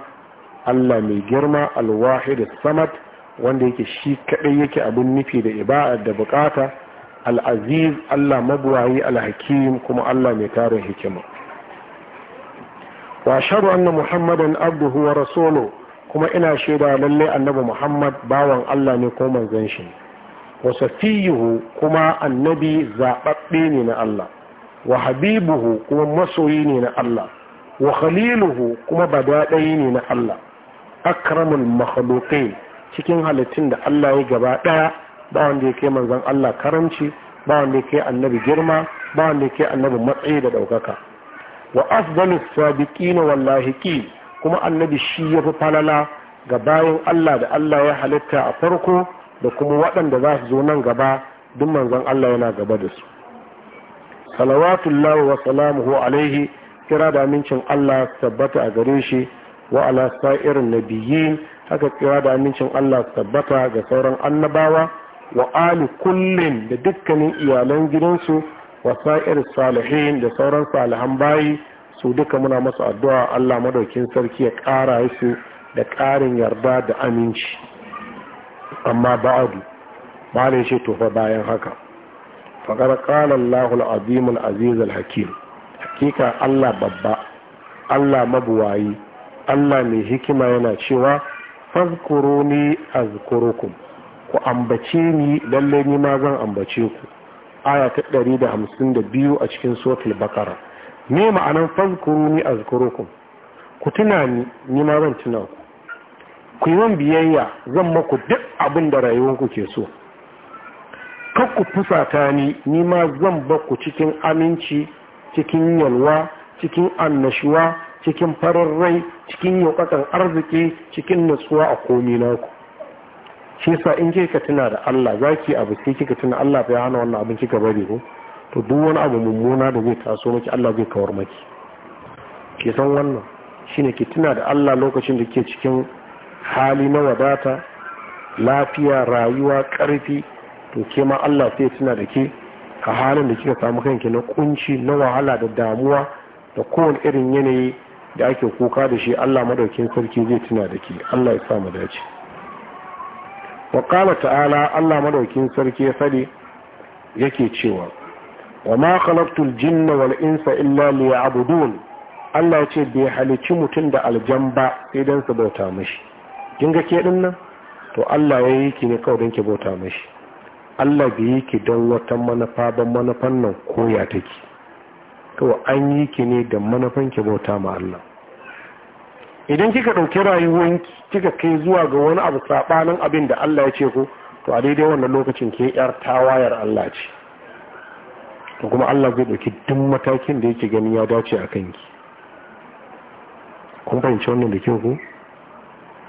Allah mai girma alwahid samad wanda yake shi kadai yake abin nufi da ibada da bukata al'aziz Allah mabuwayi alhakim kuma Allah mai tarin hikima واشهد ان محمدا عبده ورسوله kuma ina shaida lallai annabi muhammad bawan allah ne ko manzon shi wa safiyuhu kuma annabi zaɓaɓɓe ne na allah wa habibuhu kuma masoyi ne na allah wa kuma badaɗayi ne na allah akramul makhluqin cikin halittun da allah ya gaba ɗaya ba wanda ya kai manzon allah karanci ba wanda ya kai annabi girma ba wanda ya kai annabi matsayi da ɗaukaka wa afdalu sabiqin ki kuma annabi shi ya fi falala ga bayan Allah da Allah ya halitta a farko da kuma waɗanda za su zo nan gaba duk manzon Allah yana gaba da su salawatullahi wa salamuhu alaihi kira da amincin Allah tabbata a gare shi wa ala sa'irin nabiyyin haka kira da amincin Allah tabbata ga sauran annabawa wa ali kullin da dukkanin iyalan gidansu wasa'ir salihin da sauran salihan bayi su duka muna masu addu'a Allah madaukin sarki ya ƙara su da ƙarin yarda da aminci amma ba'adu malin shi tofa bayan haka faƙar ƙala Allahul azimul azizal hakim hakika Allah babba Allah mabuwayi Allah mai hikima yana cewa fazkuruni azkurukum ku ambace ni lalle ni ma zan ambace ku aya ta ɗari da da hamsin biyu a cikin sotil bakara me ma'anan a azkurukum ku tuna ni ni ma zan tuna ku ku yi wani biyayya zan maku duk abin da ku ke so kar ku fusata ni ni ma zan baku cikin aminci cikin yalwa cikin annashuwa cikin farar rai cikin yauƙaƙan arziki cikin natsuwa a komi naku shi sa in ka tuna da Allah zaki abu sai kika tuna Allah bai hana wannan abin kika bari ko to duk wani abu mummuna da zai taso maki Allah zai kawar maki ke san wannan shine ki tuna da Allah lokacin da ke cikin hali na wadata lafiya rayuwa karfi to ke ma Allah sai tuna da ke a halin da kika samu kanki na kunci na wahala da damuwa da kowane irin yanayi da ake kuka da shi Allah madaukin sarki zai tuna da ke Allah ya sa mu dace wa kala ta'ala Allah madaukin sarki ya sani yake cewa wa ma khalaqtul jinna wal insa illa liya'budun Allah ya ce bai halicci mutum da aljan ba sai dan su bauta mishi kin ga ke din nan to Allah ya yi ki ne kawai dan ki bauta mishi Allah bai yi ki don wata manufa ban manufan nan koya take kawai an yi ki ne da manufan ki bauta ma Allah idan kika ɗauki rayuwar kika kai zuwa ga wani abu saɓanin abin da Allah ya ce ku to a daidai wannan lokacin ke yar tawayar Allah ce to kuma Allah zai ɗauki duk matakin da yake gani ya dace a kanki kun fahimci wannan da kyau ku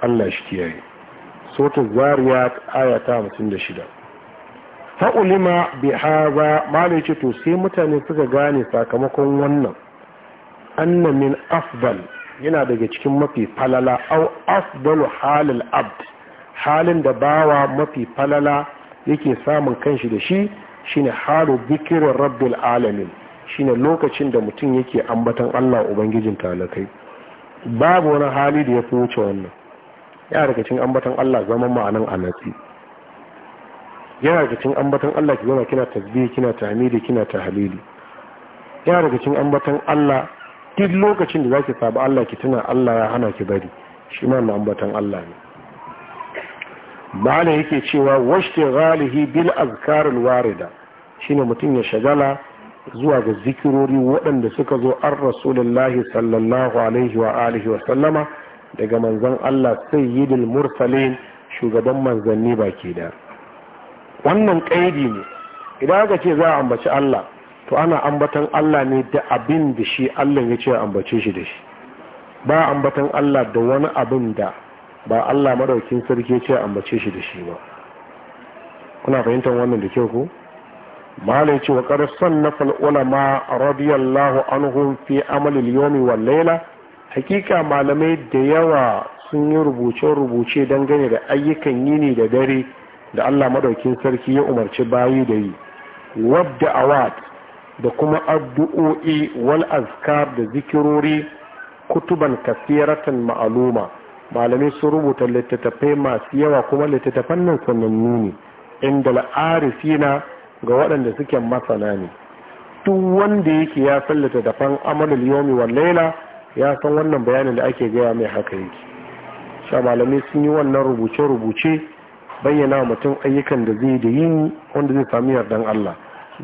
Allah shi kiyaye sotun zariyat aya ta mutum da shida fa'ulima bi haza malai ce to sai mutane suka gane sakamakon wannan Annamin min afdal yana daga cikin mafi falala au afdalu halil abd halin da bawa mafi falala yake samun kanshi da shi shine halu bikirin rabbil alamin shine lokacin da mutum yake ambatan Allah ubangijin talakai babu wani hali da ya fi wuce wannan yana daga cikin ambatan Allah zaman ma'anan anatsi yana daga cikin ambatan Allah ki zama kina tasbih kina tahmidi kina tahlili yana daga cikin ambatan Allah duk lokacin da zaki sabu Allah ki tuna Allah ya hana ki bari shi ma ambatan Allah ne ma'ana yake cewa washti ghalihi bil azkarul warida shine mutum ya shagala zuwa ga zikirori waɗanda suka zo an rasulullahi sallallahu alaihi wa alihi wa sallama daga manzon Allah sayyidul mursalin shugaban manzanni baki da wannan kaidi ne idan aka ce za a ambaci Allah to ana ambatan Allah ne da abin da shi Allah ya ce ambace shi da shi ba ambatan Allah da wani abin da ba Allah maraukin sarki ya ce ambace shi da shi ba kuna fahimtar wannan da kyau ko malai ce wa ƙarar sannafa ulama radiyallahu anhum fi amal al-yawmi wa layla hakika malamai da yawa sun yi rubuce-rubuce dangane da ayyukan yini da dare da Allah maɗaukin sarki ya umarci bayi da yi wadda awad da kuma addu'o'i wal azkar da zikirori kutuban kasiratan ma'aluma malamai sun rubuta littattafai masu yawa kuma littattafan nan sanannu ne inda na ga waɗanda suke masana ne duk wanda yake ya san littattafan amalul yomi wal laila ya san wannan bayanin da ake gaya mai haka yake sha malamai sun yi wannan rubuce-rubuce bayyana mutum ayyukan da zai da yini wanda zai sami yardan Allah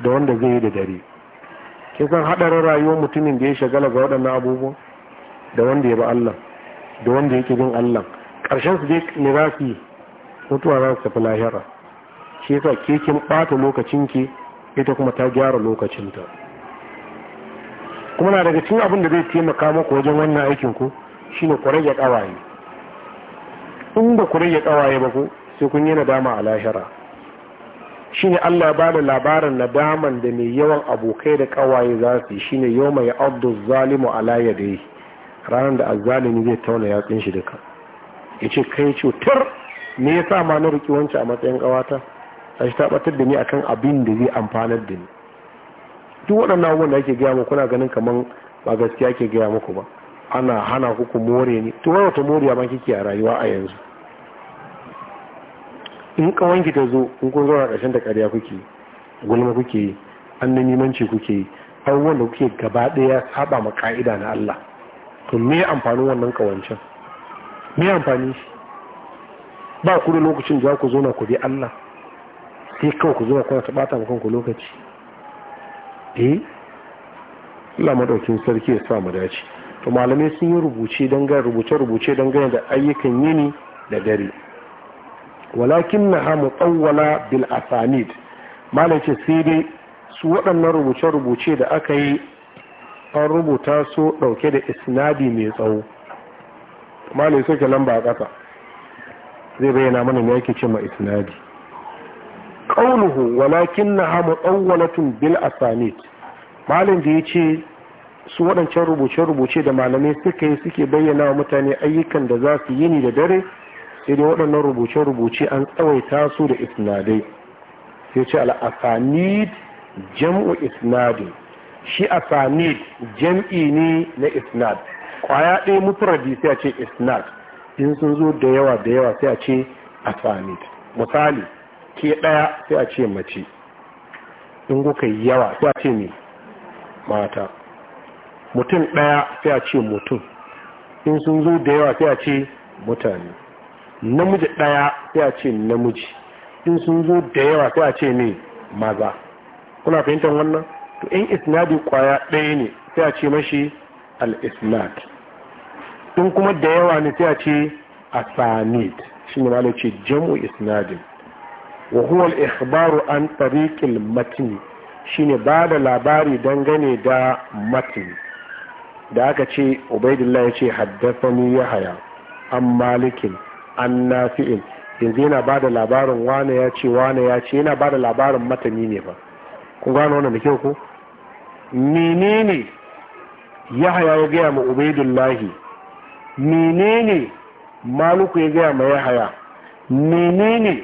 da wanda zai yi da dare ke san haɗarin rayuwar mutumin da ya shagala ga waɗannan abubuwan da wanda ya ba Allah da wanda yake bin Allah ƙarshen su dai ne mutuwa za su tafi lahira shi yasa ke kin ɓata lokacinki ita kuma ta gyara lokacinta kuma na daga cikin abin da zai taimaka maku wajen wannan aikin ku shine ku rage ƙawaye in ba ku rage ƙawaye ba ku sai kun yi dama a lahira shine Allah ba da labarin nadaman da mai yawan abokai da kawaye za su yi shine yau mai abdu zalimu ala yadai ranar da azzalimi zai tauna yatsun shi duka ce kai cutar me yasa ma na riki wancan a matsayin kawata a ta batar da ni akan abin da zai amfanar da ni duk waɗannan abubuwan da ake gaya muku kuna ganin kamar ba gaskiya ke gaya muku ba ana hana ku ku more ni to wata moriya ma kike a rayuwa a yanzu in ki ta zo in kun zauna ƙarshen da ƙarya kuke gulma kuke yi nimanci kuke yi abubuwan wanda kuke gaba ɗaya saba ma ka'ida na Allah to me amfanin wannan kawancin me amfani shi ba ku da lokacin da za ku zo na ku bi Allah sai kawai ku zo na kuna taɓata ma kanku lokaci eh Allah madaukin sarki ya sa mu dace to malamai sun yi rubuce don rubuce-rubuce don da ayyukan yini da dare walakin na ha mutsawwala bil asanid malam ce sai dai su waɗannan rubuce-rubuce da aka yi an rubuta su ɗauke da isnadi mai tsawo malam suke lamba a ƙasa zai bayyana mana me yake ce ma isnadi qawluhu walakin na ha mutsawwalatun bil asanid malam da ya ce su waɗancan rubuce-rubuce da malamai suka yi suke bayyana wa mutane ayyukan da za su yi ni da dare sai dai waɗannan rubuce-rubuce an tsawaita su da isnadai sai ce al'asanid jam'u isnadi shi asanid jam'i ne na isnad kwaya ɗaya mufradi sai a ce isnad in sun zo da yawa da yawa sai a ce asanid misali ke ɗaya sai a ce mace in kuka yawa sai a ce ne mata mutum ɗaya sai a ce mutum in sun zo da yawa sai a ce mutane namiji ɗaya sai a ce namiji in sun zo da yawa sai a ce ne maza kuna fahimtar wannan to in isnadi kwaya ɗaya ne sai a ce mashi al-isnad in kuma da yawa ne sai a ce asanid shi ne malo ce jam'u isnadin wa huwa al-ikhbaru an tariqil matn shine ba da labari dangane da matn da aka ce ubaidillah ya ce haddathani yahya an malikin an nafi'in yanzu yana ba da labarin wane ya ce wane ya ce yana ba da labarin matani ne ba kun gano wannan da kyau ko menene yahaya ya gaya ma ubaidullahi menene maluku ya gaya ma yahaya menene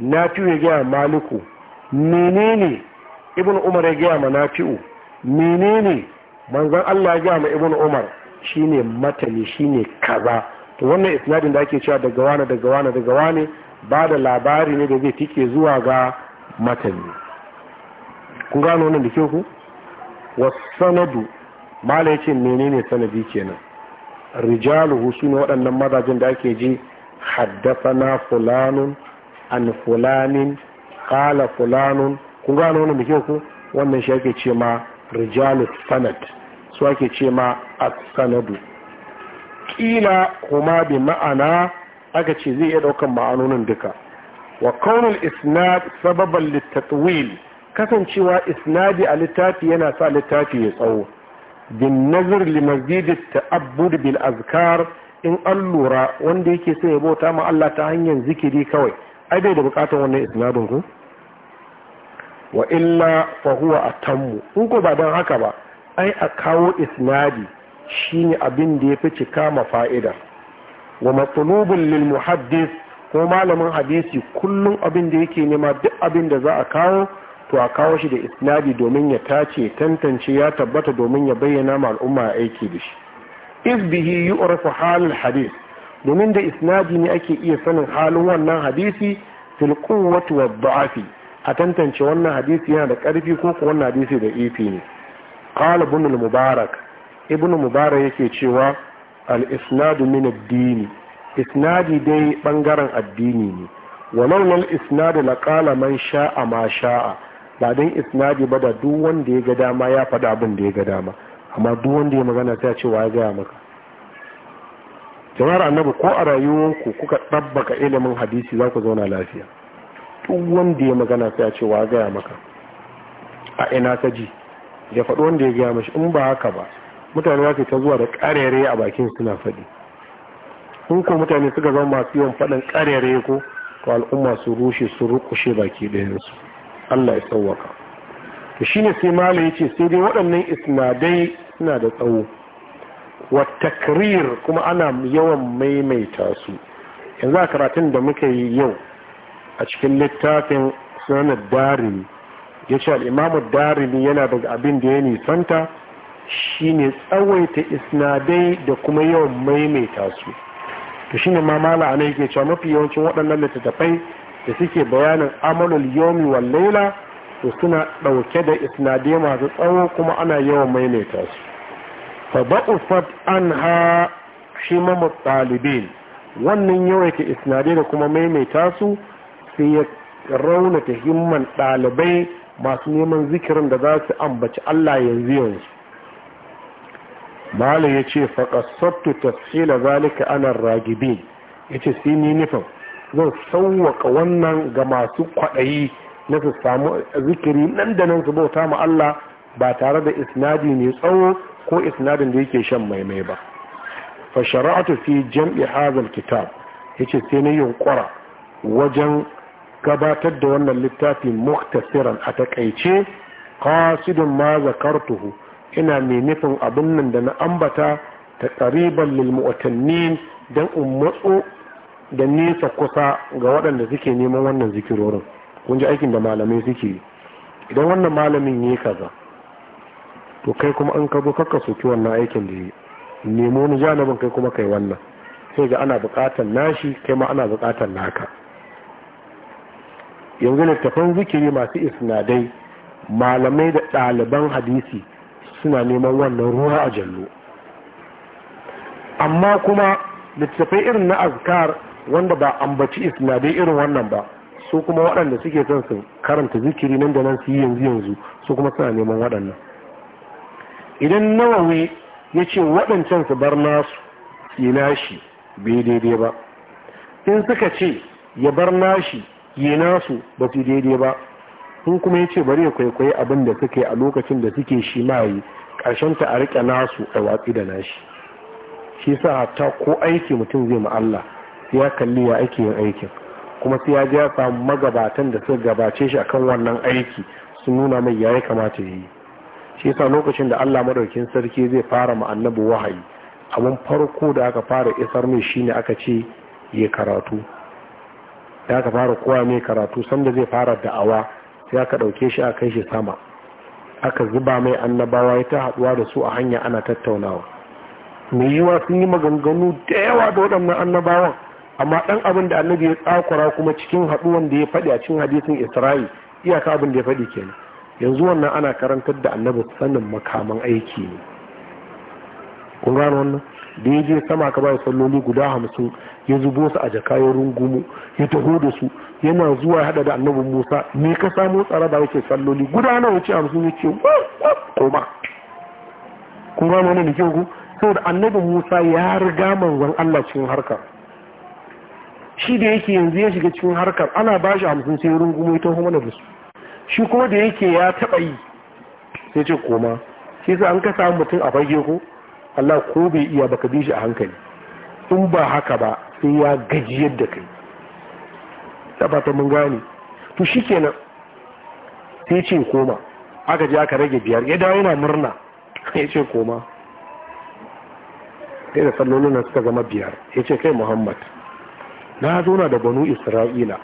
nafi'u ya gaya maluku menene ibn umar ya gaya ma nafi'u menene manzon Allah ya gaya ma ibn umar shine matani shine kaza to wannan isnadin da ake cewa daga wane daga wane daga wane ba da labari ne da zai tike zuwa ga matani ku gano wannan da ke ku wasanadu mala ya ce menene sanadi kenan Rijalu husu ne waɗannan mazajen da ake ji haddasana fulanun an fulanin kala fulanun kun gano wannan da ke ku wannan shi ake ce ma rijalu sanad su ake ce ma as-sanadu kila kuma bi ma'ana aka ce zai iya ɗaukan ma'anonin duka wa kaunul isnad sababan littatwil kasancewa isnadi a littafi yana sa littafi ya tsawo bin nazar limazidit ta'abbud bil azkar in an wanda yake so ya bauta ma Allah ta hanyar zikiri kawai ai bai da bukatar wannan isnadin ku wa illa fa huwa atammu in ko ba dan haka ba ai a kawo isnadi shine abin da ya fi cika ma fa'ida wa matsalubin lil muhaddis ko malamin hadisi kullum abin da yake nema duk abin da za a kawo to a kawo shi da isnadi domin ya tace tantance ya tabbata domin ya bayyana ma al'umma aiki da shi izbihi yu'rafu halul hadis domin da isnadi ne ake iya sanin halin wannan hadisi fil quwwati wa da'afi a tantance wannan hadisi yana da ƙarfi ko ko wannan hadisi da ifi ne qala ibn mubarak ibn mubarak yake cewa al-isnadu min ad-dini isnadi dai bangaren addini ne walau lal isnadu qala man sha'a ma sha'a ba dan isnadi ba da duk wanda ya ga dama ya faɗa abin da ya ga dama amma duk wanda ya magana ta ce wa ya gaya maka jama'ar annabi ko a rayuwarku kuka ɗabbaka ilimin hadisi za ku zauna lafiya duk wanda ya magana sai cewa ce wa gaya maka a ina ka ji ya faɗi wanda ya gaya mashi in ba haka ba mutane za su ta zuwa da ƙarere a bakin suna faɗi in ko mutane suka zama masu yawan faɗin ƙarere ko to al'umma su rushe su rukushe baki su Allah ya tsawaka to shine sai malai ce sai dai waɗannan isnadai suna da tsawo wa takrir kuma ana yawan maimaita su yanzu a karatun da muka yi yau a cikin littafin sanar darimi ya ce al'imamu darimi yana daga abin da ya nisanta shine tsawaita isnadai da kuma yawan maimaita su to shine ma mala ana yake cewa mafi yawancin waɗannan littattafai da suke bayanin amalul yomi wal laila to suna ɗauke da isnadai masu tsawo kuma ana yawan maimaita su fa an ha shi mamu ɗalibin wannan yawaita isnadai da kuma maimaita su sai ya raunata himman ɗalibai masu neman zikirin da za su ambaci Allah yanzu yanzu malam ya ce faƙasattu tafsila zalika ana ragibin ya ce sai ni nufin zan sauwaka wannan ga masu kwaɗayi na su samu zikiri nan da nan su bauta ma Allah ba tare da isnadi mai tsawo ko isnadin da yake shan maimai ba fa shara'atu fi jam'i hazal kitab yace sai na yunkura wajen gabatar da wannan littafi muktasiran a takaice qasidun ma zakartuhu ina mai nufin abin nan da na ambata ta ƙariban lilmu'atannin don in matso da nesa kusa ga waɗanda suke neman wannan zikirorin kun ji aikin da malamai suke idan wannan malamin ya kaza to kai kuma an kabo kakka soki wannan aikin da yi nemo wani janabin kai kuma kai wannan sai ga ana buƙatar nashi kai ma ana buƙatar naka yanzu littafan zikiri masu isnadai malamai da ɗaliban hadisi suna neman wannan ruwa a jallo amma kuma littattafai irin na azkar wanda ba ambaci isnadai irin wannan ba su kuma waɗanda suke son su karanta zikiri nan da nan su yi yanzu yanzu su kuma suna neman waɗannan idan nawawi ya ce waɗancan su bar nasu yi nashi bai daidai ba in suka ce ya bar nashi yi nasu ba su daidai ba in kuma ya ce bari ya kwaikwayi abin da suke a lokacin da suke shi mayi ƙarshen ta a riƙe nasu a watsi da nashi shi sa hatta ko aiki mutum zai ma Allah ya kalli ya ake yin aikin kuma sai ya ji ya samu magabatan da suka gabace shi akan wannan aiki sun nuna mai ya kamata ya yi shi sa lokacin da Allah madaukin sarki zai fara ma annabi wahayi abun farko da aka fara isar mai shine aka ce ya karatu da aka fara kowa mai karatu sanda zai fara da'awa sai aka ɗauke shi a kai shi sama aka zuba mai annabawa ya ta haɗuwa da su a hanya ana tattaunawa mai yiwa sun yi maganganu da yawa da waɗannan annabawan amma ɗan abin da annabi ya tsakura kuma cikin haɗuwan da ya faɗi a cikin hadisin isra'i iyaka abin da ya faɗi kenan yanzu wannan ana karantar da annabi sanin makaman aiki ne kun gano wannan da ya je sama ka bada salloli guda hamsin ya zubo su a jaka ya rungumu ya taho da su yana zuwa hada da annabin musa ne ka samu tsara da yake salloli guda nawa ce hamsin yake koma kun gano wannan da kyau saboda annabin musa ya riga manzon allah cikin harkar shi da yake yanzu ya shiga cikin harkar ana ba shi hamsin sai rungumo ita kuma da su shi kuma da yake ya taba yi sai ce koma shi sai an ka samu mutum a fage ko allah ko bai iya baka bi shi a hankali in ba haka ba sai ya gaji yadda kai ta fata mun gane to shi kenan sai ce koma aka je aka rage biyar ya dawo yana murna ya ce koma sai da sallolin na suka zama biyar ya ce kai muhammad na zauna da banu isra'ila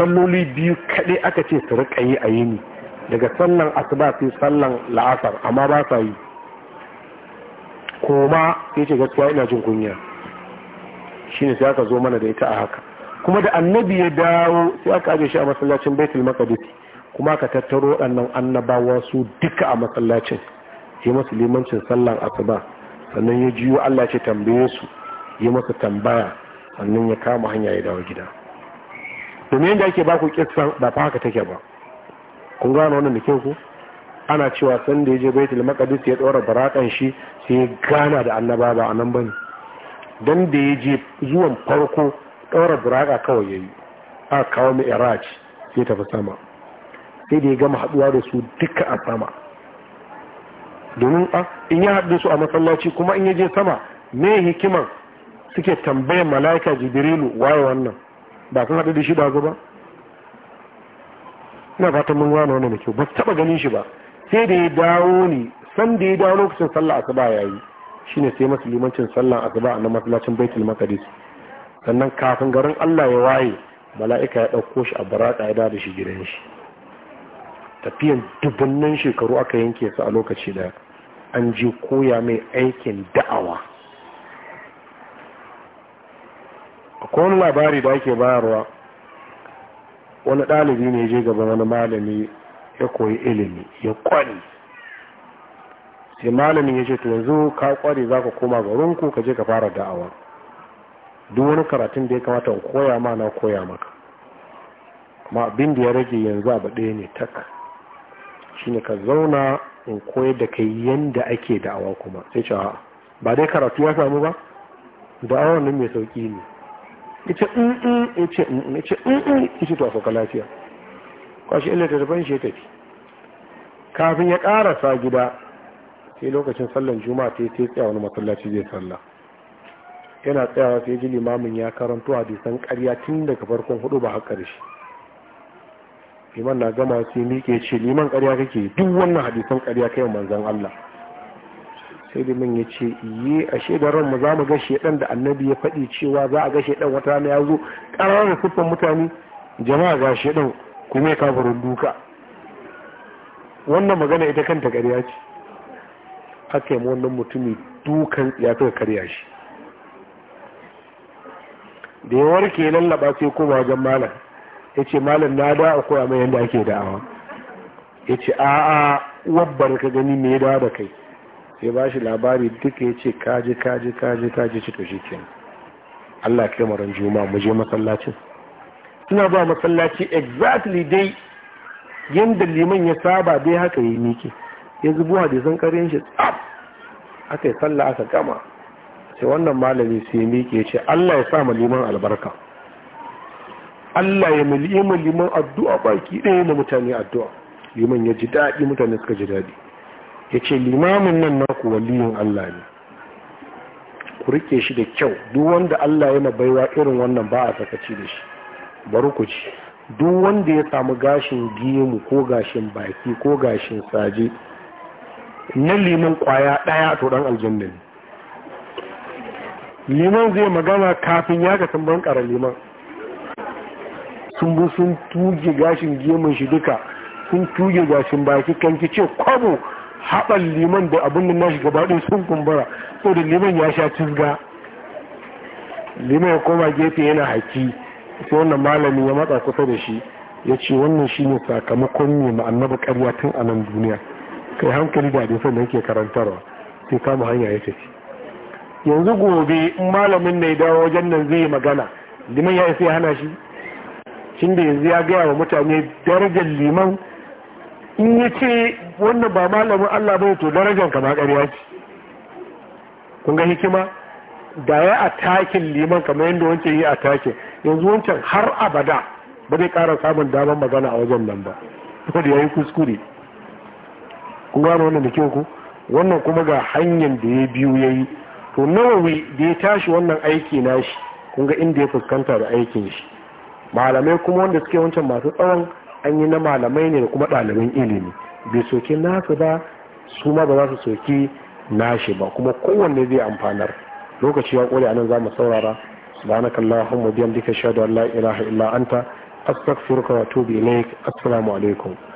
salloli biyu kaɗai aka ce su riƙa yi a yini daga sallan asuba sai sallan la'asar amma ba sa yi koma ya ce gaskiya ina jin kunya shine sai aka zo mana da ita a haka kuma da annabi ya dawo sai aka aje shi a masallacin baitul maqdis kuma aka tattaro waɗannan annabawa su duka a masallacin sai masu sallan asuba sannan ya jiyo Allah ce tambaye su yi masa tambaya sannan ya kama hanya ya dawo gida domin yadda ake baku kissan ba fa haka take ba kun gano wannan da kyau ku ana cewa san da ya je baitul maqdis ya dora barakan shi sai ya gana da annaba a nan bane dan da ya je zuwan farko ɗaura buraka kawai ya yi a kawo mai iraj sai tafi sama sai da ya gama haɗuwa da su duka a sama domin in ya haɗu su a masallaci kuma in ya je sama me hikiman suke tambayar mala'ika jibrilu waye wannan ba kun haɗu da shi ba ba ina fatan mun gano wannan da kyau ba su taɓa ganin shi ba sai da ya dawo ne san da ya dawo lokacin sallah asuba yayi shine sai masu limancin sallah asuba a nan masallacin baitul maqdis sannan kafin garin Allah ya waye mala'ika ya ɗauko shi a baraka ya dada shi gidan shi tafiyan dubunnan shekaru aka yanke su a lokaci da an ji koya mai aikin da'awa akwai wani labari da ake bayarwa wani ɗalibi ne je gaba wani malami ya koyi ilimi ya kwari sai malamin ya ce to yanzu ka kware za ka koma garinku ka je ka fara da'awa duk wani karatun da ya kamata in koya ma na koya maka amma abin da ya rage yanzu abu ɗaya ne tak shine ka zauna in koya da kai yanda ake da'awa kuma sai ce ba dai karatu ya samu ba da'awa nan mai sauki ne ita in in ce in mm, in mm. mm, to a lafiya kwashi illa da daban shi kafin ya karasa gida sai lokacin sallan juma'a ta yi tsaye wani masallaci zai salla. yana tsayawa sai ji limamin ya karanto hadisan karya tun daga farkon hudu ba har shi liman na gama sai mike ce liman karya kake duk wannan hadisan karya kai manzon Allah sai liman ya ce yi a shedaran mu za mu ga shedan da annabi ya faɗi cewa za a ga shedan wata rana ya zo ƙarar siffan mutane jama'a ga shedan kuma ya kafarin duka wannan magana ita kanta karya ce aka yi wannan mutumi dukan ya fi karya shi da ya warke lallaba sai koma wajen malam ya ce malam na da a koya mai yadda ake da'awa ya ce a'a wabbar ka gani me ya dawa da kai sai ba shi labari duka ya ce kaji kaji kaji kaji ci to shi ke Allah kai maran juma mu je masallacin suna ba masallaci exactly dai yadda liman ya saba dai haka yi miki ya da san karin shi tsaf aka yi sallah aka gama sai wannan malami sai miƙe ce Allah ya sa ma liman albarka Allah ya mili mu liman addu'a baki ɗaya na mutane addu'a liman ya ji daɗi mutane suka ji daɗi yace limamin nan na naku waliyin Allah ne ku rike shi da kyau duk wanda Allah ya baiwa irin wannan ba a sakaci da shi bari ku ci duk wanda ya samu gashin gemu ko gashin baki ko gashin saje na liman kwaya ɗaya to ɗan aljanna ne liman zai magana kafin ya ga tambayin ƙara liman sun bu sun tuge gashin gemun shi duka sun tuge gashin baki kan ki ce kwabo haɓar liman da abin da nashi gabaɗin sun kumbura so da liman ya sha cizga liman ya koma gefe yana haki sai wannan malami ya matsa kusa da shi ya ce wannan shi ne sakamakon ne ma'annaba karya tun a nan duniya kai hankali da adesan da yake karantarwa sai kama hanya ya tafi yanzu gobe in malamin na dawo wajen nan zai magana liman ya isa ya hana shi shi da yanzu ya gaya wa mutane darajar liman in ya ce wannan ba malamin Allah bai to darajar kama ƙarya ce kun ga hikima da ya takin liman kamar yadda wancan yi atakin yanzu wancan har abada ba zai ƙara samun damar magana a wajen nan ba saboda ya yi kuskure kun gano wannan da ku wannan kuma ga hanyar da ya biyu ya yi to nawawi da ya tashi wannan aiki na shi kunga inda ya fuskanta da aikin shi malamai kuma wanda suke wancan masu tsawon an yi na malamai ne da kuma ɗaliban ilimi bai soke nasu ba su ma ba za su soki nashi ba kuma kowanne zai amfanar lokaci ya kore anan za mu saurara subhanaka allahumma bihamdika ashhadu an la ilaha illa anta astaghfiruka wa atubu ilaik assalamu alaikum